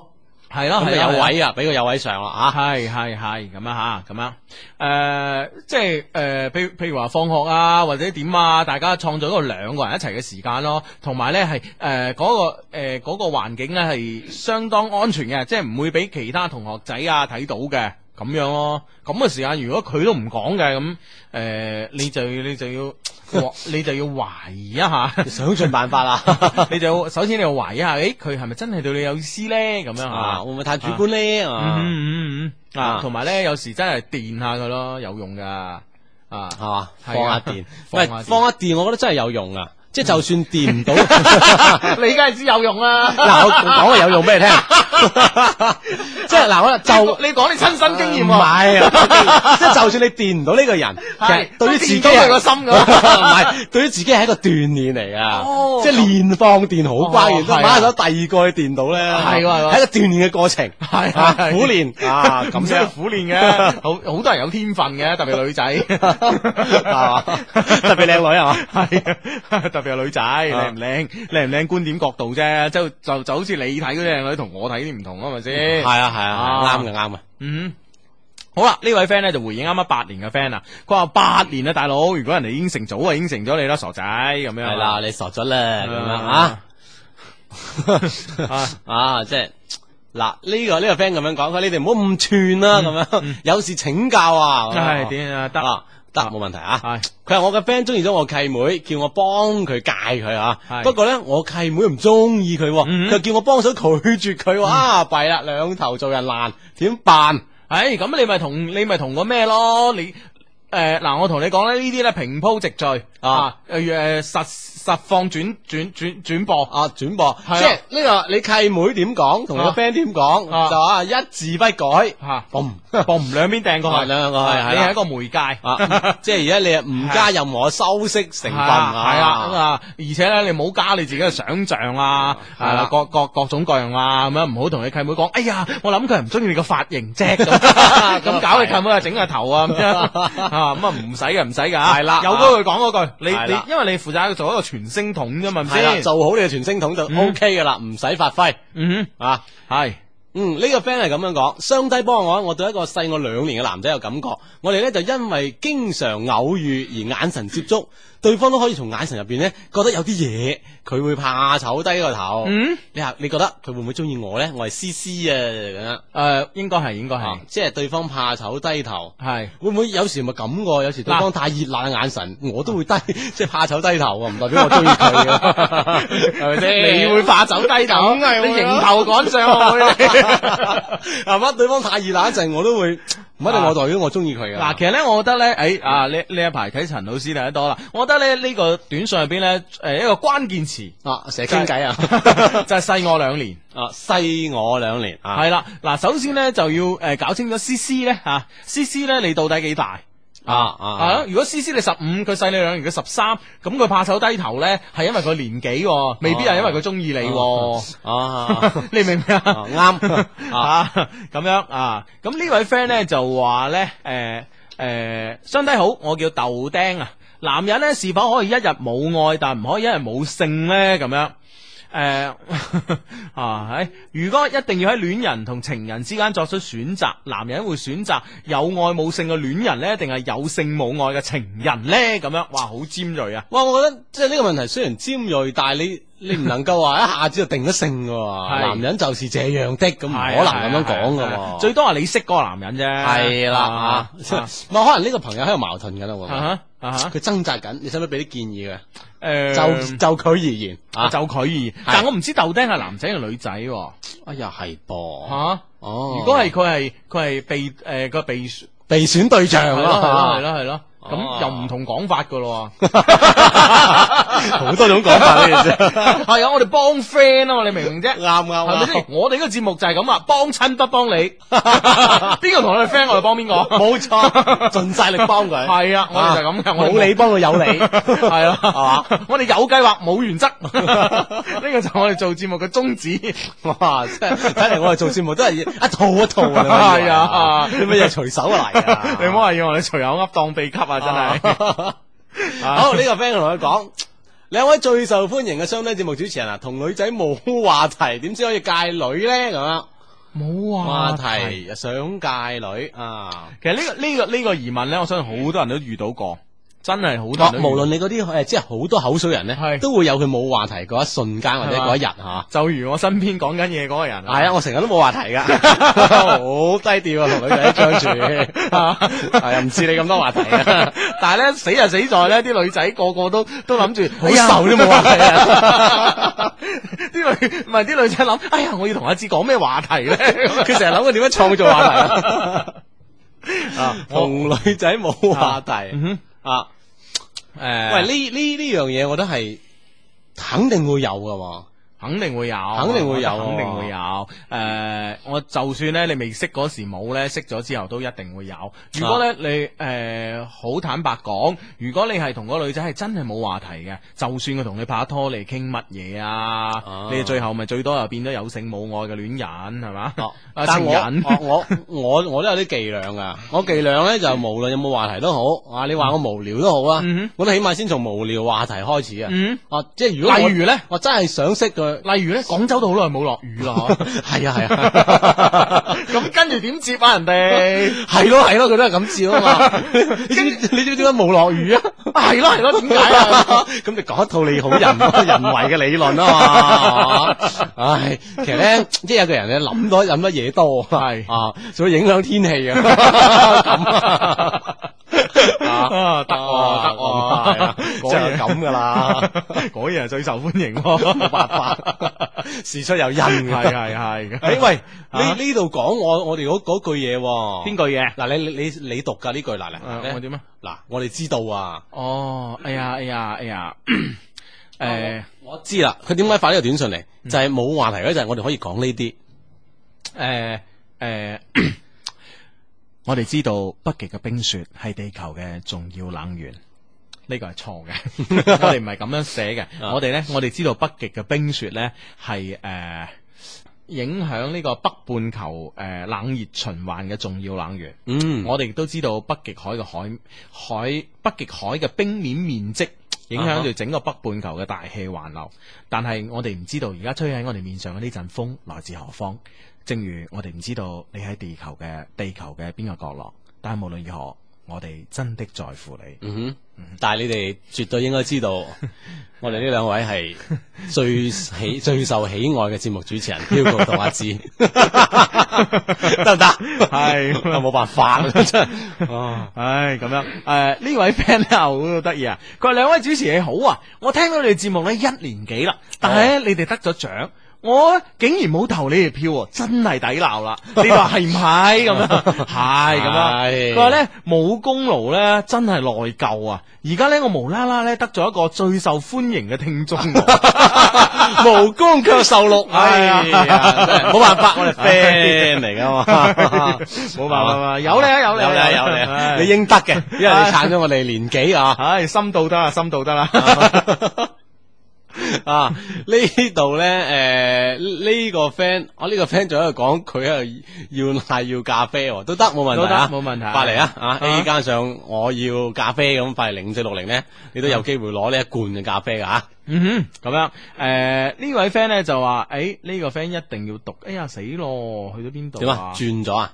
係咯，咁咪有位啊，俾個有位上啦，吓係係係咁樣吓，咁樣誒，即係誒、呃，譬譬如話放學啊，或者點啊，大家創造一個兩個人一齊嘅時間咯、啊，同埋咧係誒嗰個誒嗰、呃嗰個環境咧係相當安全嘅，即係唔會俾其他同學仔啊睇到嘅。咁樣咯、啊，咁嘅時間如果佢都唔講嘅咁，誒，你、呃、就你就要，你就要懷疑一下， 想盡辦法啦， 你就要首先你要懷疑一下，誒、欸，佢係咪真係對你有意思咧？咁樣係嘛、啊啊，會唔會太主觀咧？啊，同埋咧，有時真係電下佢咯，有用噶，啊，係、啊、嘛，放一下電，喂、啊啊，放一，下電，放一，下電，放一下電，我覺得真係有用啊即係就算掂唔到 你梗係知有用啦。嗱，我講嘅有用畀你聽。即係嗱，就你講你親身經驗喎、呃。唔係、啊， 即係就算你掂唔到呢個人，其對於自己個心咁。對於自己係 一個鍛鍊嚟、哦哦哦、啊。即係練放電好關鍵，都揾係咗第二個去電到咧。係喎、啊，係一個鍛鍊嘅過程。係啊，啊，啊，啊，苦練啊，咁先苦練嘅。好，好多人有天分嘅，特別女仔 特別靚女係嘛，係特。女仔靚唔靚，靚唔靚，觀點角度啫，就就就好似你睇嗰啲靚女我同我睇啲唔同咯，係咪先？係啊係啊，啱嘅啱啊。嗯，好啦，呢位 friend 咧就回應啱啱八年嘅 friend 啊，佢話八年啊，大佬，如果人哋應承早啊，應承咗你啦，傻仔咁樣。係、嗯、啦，你傻咗啦咁樣啊。啊，即係嗱，呢個呢個 friend 咁樣講，佢你哋唔好咁串啦，咁樣有事請教啊。真係點啊？得。啊得，冇問題啊！佢係我嘅 friend，中意咗我契妹，叫我幫佢戒佢啊！不過咧，我契妹唔中意佢，佢、嗯、叫我幫手拒絕佢。啊，弊、嗯、啦，兩頭做人難，點辦？唉、哎，咁你咪同你咪同個咩咯？你誒嗱、呃，我同你講咧，呢啲咧平鋪直叙啊，誒、啊、誒、呃、實。實況轉轉轉轉播啊，轉播，即係呢個你契妹點講，同你個 band 點講，啊，就啊一字不改，吓、啊，嘣嘣兩邊掟過嚟，兩個過嚟，你係一個媒介，啊啊、即係而家你唔加任何嘅修飾成分，係啦咁啊，而且咧你冇加你自己嘅想象啊係啦，啊，各各各種各樣啊咁樣唔好同你契妹講，哎呀，我諗佢唔中意你髮 個髮型啫，咁咁搞你契妹整個頭啊，咁 啊，咁啊唔使噶，唔使噶，係啦，有嗰句講嗰句，你你，因為你負責做一個。傳聲筒啫嘛，係啦，做好你嘅傳聲筒就 OK 噶啦，唔使發揮，嗯，嗯哼啊，係。嗯，呢、這個 friend 係咁樣講，雙低幫我，我對一個細我兩年嘅男仔有感覺。我哋咧就因為經常偶遇而眼神接觸、嗯，對方都可以從眼神入邊咧覺得有啲嘢，佢會怕醜低個頭。嗯，你你覺得佢會唔會中意我呢？我係 C C 啊，誒、呃，應該係，應該係，即係、就是、對方怕醜低頭，係會唔會有時咪咁個？有時對方太熱辣嘅眼神，我都會低，嗯、即係怕醜低頭啊，唔代表我中意佢，係咪先？你會怕醜低頭，你迎頭趕上去。 係嘛？對方太熱嗰一陣，我都會唔一定我代表我中意佢噶。嗱、啊，其實咧，我覺得咧，誒、哎，啊，呢呢一排睇陳老師睇得多啦。我覺得咧，呢、這個短信入邊咧，誒，一個關鍵詞啊，成日傾偈啊， 就係細我兩年啊，細我兩年啊，係啦。嗱、啊，首先咧就要誒搞清楚 C C 咧吓，C C 咧你到底幾大？啊啊，啊，啊，如果 C C 你十五，佢細你兩年佢十三，咁佢怕醜低頭呢，係因為佢年紀，未必係因為佢中意你。啊，啊啊 你明唔明啊？啱咁樣啊，咁 呢、啊啊啊、位 friend 呢，就話呢：呃「誒、呃、誒，兄弟好，我叫豆丁啊，男人呢，是否可以一日冇愛，但唔可以一日冇性呢？咁樣。誒、呃，啊喺、哎！如果一定要喺戀人同情人之間作出選擇，男人會選擇有愛冇性嘅戀人咧，定係有性冇愛嘅情人呢？咁樣，哇，好尖銳啊！哇，我覺得即係呢個問題雖然尖銳，但係你你唔能夠話一下子就定咗性㗎喎。 男人就是這樣的，咁唔、啊、可能咁樣講嘅、啊啊啊。最多係你識嗰個男人啫。係啦、啊啊啊啊啊，可能呢個朋友喺度矛盾噶啦，啊啊啊！佢掙扎緊，你使唔使俾啲建議嘅？誒、呃，就就佢而言，啊、就佢而言，但係我唔知豆丁係男仔定女仔、啊。哎呀，係噃。吓、啊、哦！如果係佢係佢係被誒個、呃、被被選對象咯，係咯係咯係咯。咁、啊、又唔同講法，噶咯，好多種講法呢啲先，係啊， 我哋幫 friend 咯、啊，你明唔明啫？啱啱，我哋呢個節目就係咁啊，幫親不幫你，邊個同你 friend 我哋幫邊個？冇錯，盡晒力幫佢。係 啊， 啊，我哋就係咁嘅，冇你幫到有你，係咯，係嘛？我哋有計劃冇原則，呢 個就係我哋做節目嘅宗旨。 哇，真係睇嚟我哋做節目都係一套一套啊，係啊，啲乜嘢隨手嚟啊？你唔好話要我哋隨口噏當秘笈啊！ 啊、真係、啊，好呢、啊這個 friend 同佢講，兩 位最受歡迎嘅雙低節目主持人啊，同女仔冇話題，點先可以戒女咧咁樣，冇話，話題，想戒女啊？其實呢、這個呢、這個呢、這個疑問咧，我相信好多人都遇到過。真係好多、啊，無論你嗰啲誒，即係好多口水人咧，都會有佢冇話題嗰一瞬間或者嗰一日吓、啊。就如我身邊講緊嘢嗰個人，係、哎、 啊，我成日都冇話題噶，好低調啊，同女仔相處係啊，唔似你咁多話題。但係咧，死就死在咧，啲女仔個個都都諗住好瘦、哎、都冇話題啊！啲、 哎、呀 女唔係啲女仔諗，哎呀，我要同阿志講咩話題咧？佢成日諗佢點樣創造話題 啊？同女仔冇話題。 嗯啊，誒、欸，喂，呢呢呢樣嘢，我覺得，係肯定會有嘅、哦。肯定會有、啊，肯定會有、啊，肯定會有、啊。誒、嗯啊呃，我就算咧，你未識嗰時冇咧，識咗之後都一定會有。如果咧、啊、你誒好、呃、坦白講，如果你係同個女仔係真係冇話題嘅，就算佢同你拍拖嚟傾乜嘢啊，啊你最後咪最多又變咗有性冇愛嘅戀人係嘛？啊、但我 我我都有啲伎倆噶，我，我，我伎倆咧就無論有冇話題都好，啊、嗯，你話我無聊都好啊，嗯嗯我都起碼先從無聊話題開始嗯嗯啊。嗯，哦，即係如果例如咧，我真係想識佢。例如咧，廣州都好耐冇落雨啦，係啊係啊，咁、啊、 跟住點接返人哋？係咯係咯，佢都係咁接啊 接嘛。 你，跟着 你知唔知點解冇落雨啊？係咯係咯，點解啊？咁 就講一套利好人、人為嘅理論啊嘛。唉， 其實咧，即 係有個人咧諗多諗乜嘢多，係 啊，所以影響天氣啊。 啊，得喎，得喎，係啊，真係咁噶啦，嗰、啊啊啊啊嗯嗯嗯就是、樣 最受歡迎咯， 八八百 事出有因，係係係。誒喂，呢呢度講我我哋嗰句嘢，邊句嘢？嗱，你你你,你,你讀噶呢句，嗱嗱、啊，我點啊？嗱，我哋知道啊。哦，哎呀，哎呀，哎呀，誒、哎哎，我知啦。佢點解發呢個短信嚟、嗯？就係、是、冇話題嗰陣、是，我哋可以講呢啲。誒、哎、誒。哎哎我哋知道北極嘅冰雪係地球嘅重要冷源。錯，呢個係錯嘅。 我哋唔係咁樣寫嘅。我哋呢，我哋知道北極嘅冰雪呢係誒、呃、影響呢個北半球誒、呃、冷熱循環嘅重要冷源。嗯，我哋亦都知道北極海嘅海海，北極海嘅冰面面積影響住整個北半球嘅大氣環流。Uh-huh. 但係我哋唔知道而家吹喺我哋面上嘅呢陣風來自何方。正如我哋唔知道你喺地球嘅地球嘅邊個角落，但係無論如何，我哋真的在乎你。嗯哼，但係你哋絕對應該知道，我哋呢兩位係最喜最受喜愛嘅節目主持人，飄局同阿志，得唔得？係我冇辦法啦，真係。哦，唉，咁樣誒，呢、呃、位 friend 好得意啊！佢話兩位主持，你好啊，我聽到你哋節目咧一年幾啦，但係你哋得咗獎。哦我竟然冇投你哋票，真係抵鬧啦！你話係唔係咁樣？係 咁、哎、樣。佢話咧冇功勞咧，真係內疚啊！而家咧我無啦啦咧得咗一個最受歡迎嘅聽眾， 無功卻受祿。哎冇、哎、辦法， 我哋 friend 嚟噶嘛，冇、 啊、辦法嘛、啊。有咧、啊，有咧，有有咧，你應得嘅，因 為你撐咗我哋年紀啊，唉、哎，深度得啊，深度得啦。 啊！呢度咧，誒、呃，呢、這個 friend，我、啊、呢、這個 friend 仲喺度講，佢又要奶要咖啡、啊，都得冇問題啊，冇問題、啊，發嚟啊，啊，A、加上我要咖啡咁，發嚟零四六零咧，你都有機會攞呢一罐嘅咖啡噶、啊、吓。嗯哼，咁樣，誒、呃，位 fan 呢位 friend 咧就話，誒、哎，呢、這個 friend 一定要讀，哎呀死咯，去咗邊度？點啊？轉咗啊？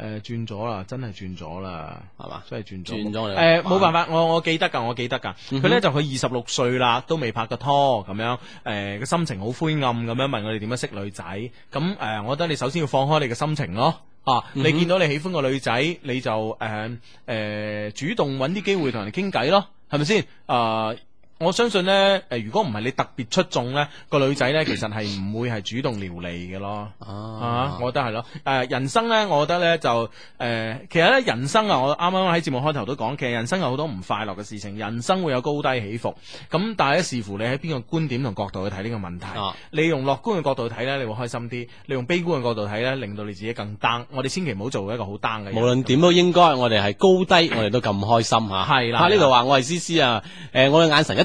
誒、呃，轉咗啦，真係轉咗啦，係嘛，真係轉咗。轉咗誒，冇、呃、辦法，我我記得噶，我記得噶。佢、嗯、呢就佢二十六歲啦，都未拍過拖咁樣。誒、呃，個心情好灰暗咁樣，問我哋點樣識女仔。咁誒、呃，我覺得你首先要放開你嘅心情咯。啊、嗯，你見到你喜歡個女仔，你就誒誒、呃呃，主動揾啲機會同人哋傾偈咯，係咪先啊？呃我相信咧、呃，如果唔係你特別出眾咧，個女仔咧其實係唔會係主動撩你嘅咯啊。啊，我覺得係咯。誒、呃，人生咧，我覺得咧就誒、呃，其實咧人生啊，我啱啱喺節目開頭都講，其實人生有好多唔快樂嘅事情，人生會有高低起伏。咁但係咧，視乎你喺邊個觀點同角度去睇呢個問題，啊。你用樂觀嘅角度睇咧，你會開心啲；你用悲觀嘅角度睇咧，令到你自己更 down。我哋千祈唔好做一個好 down 嘅人。無論點都應該，我哋係高低， 我哋都咁開心嚇係啦，呢度話我係思思啊。我嘅、啊呃、眼神一。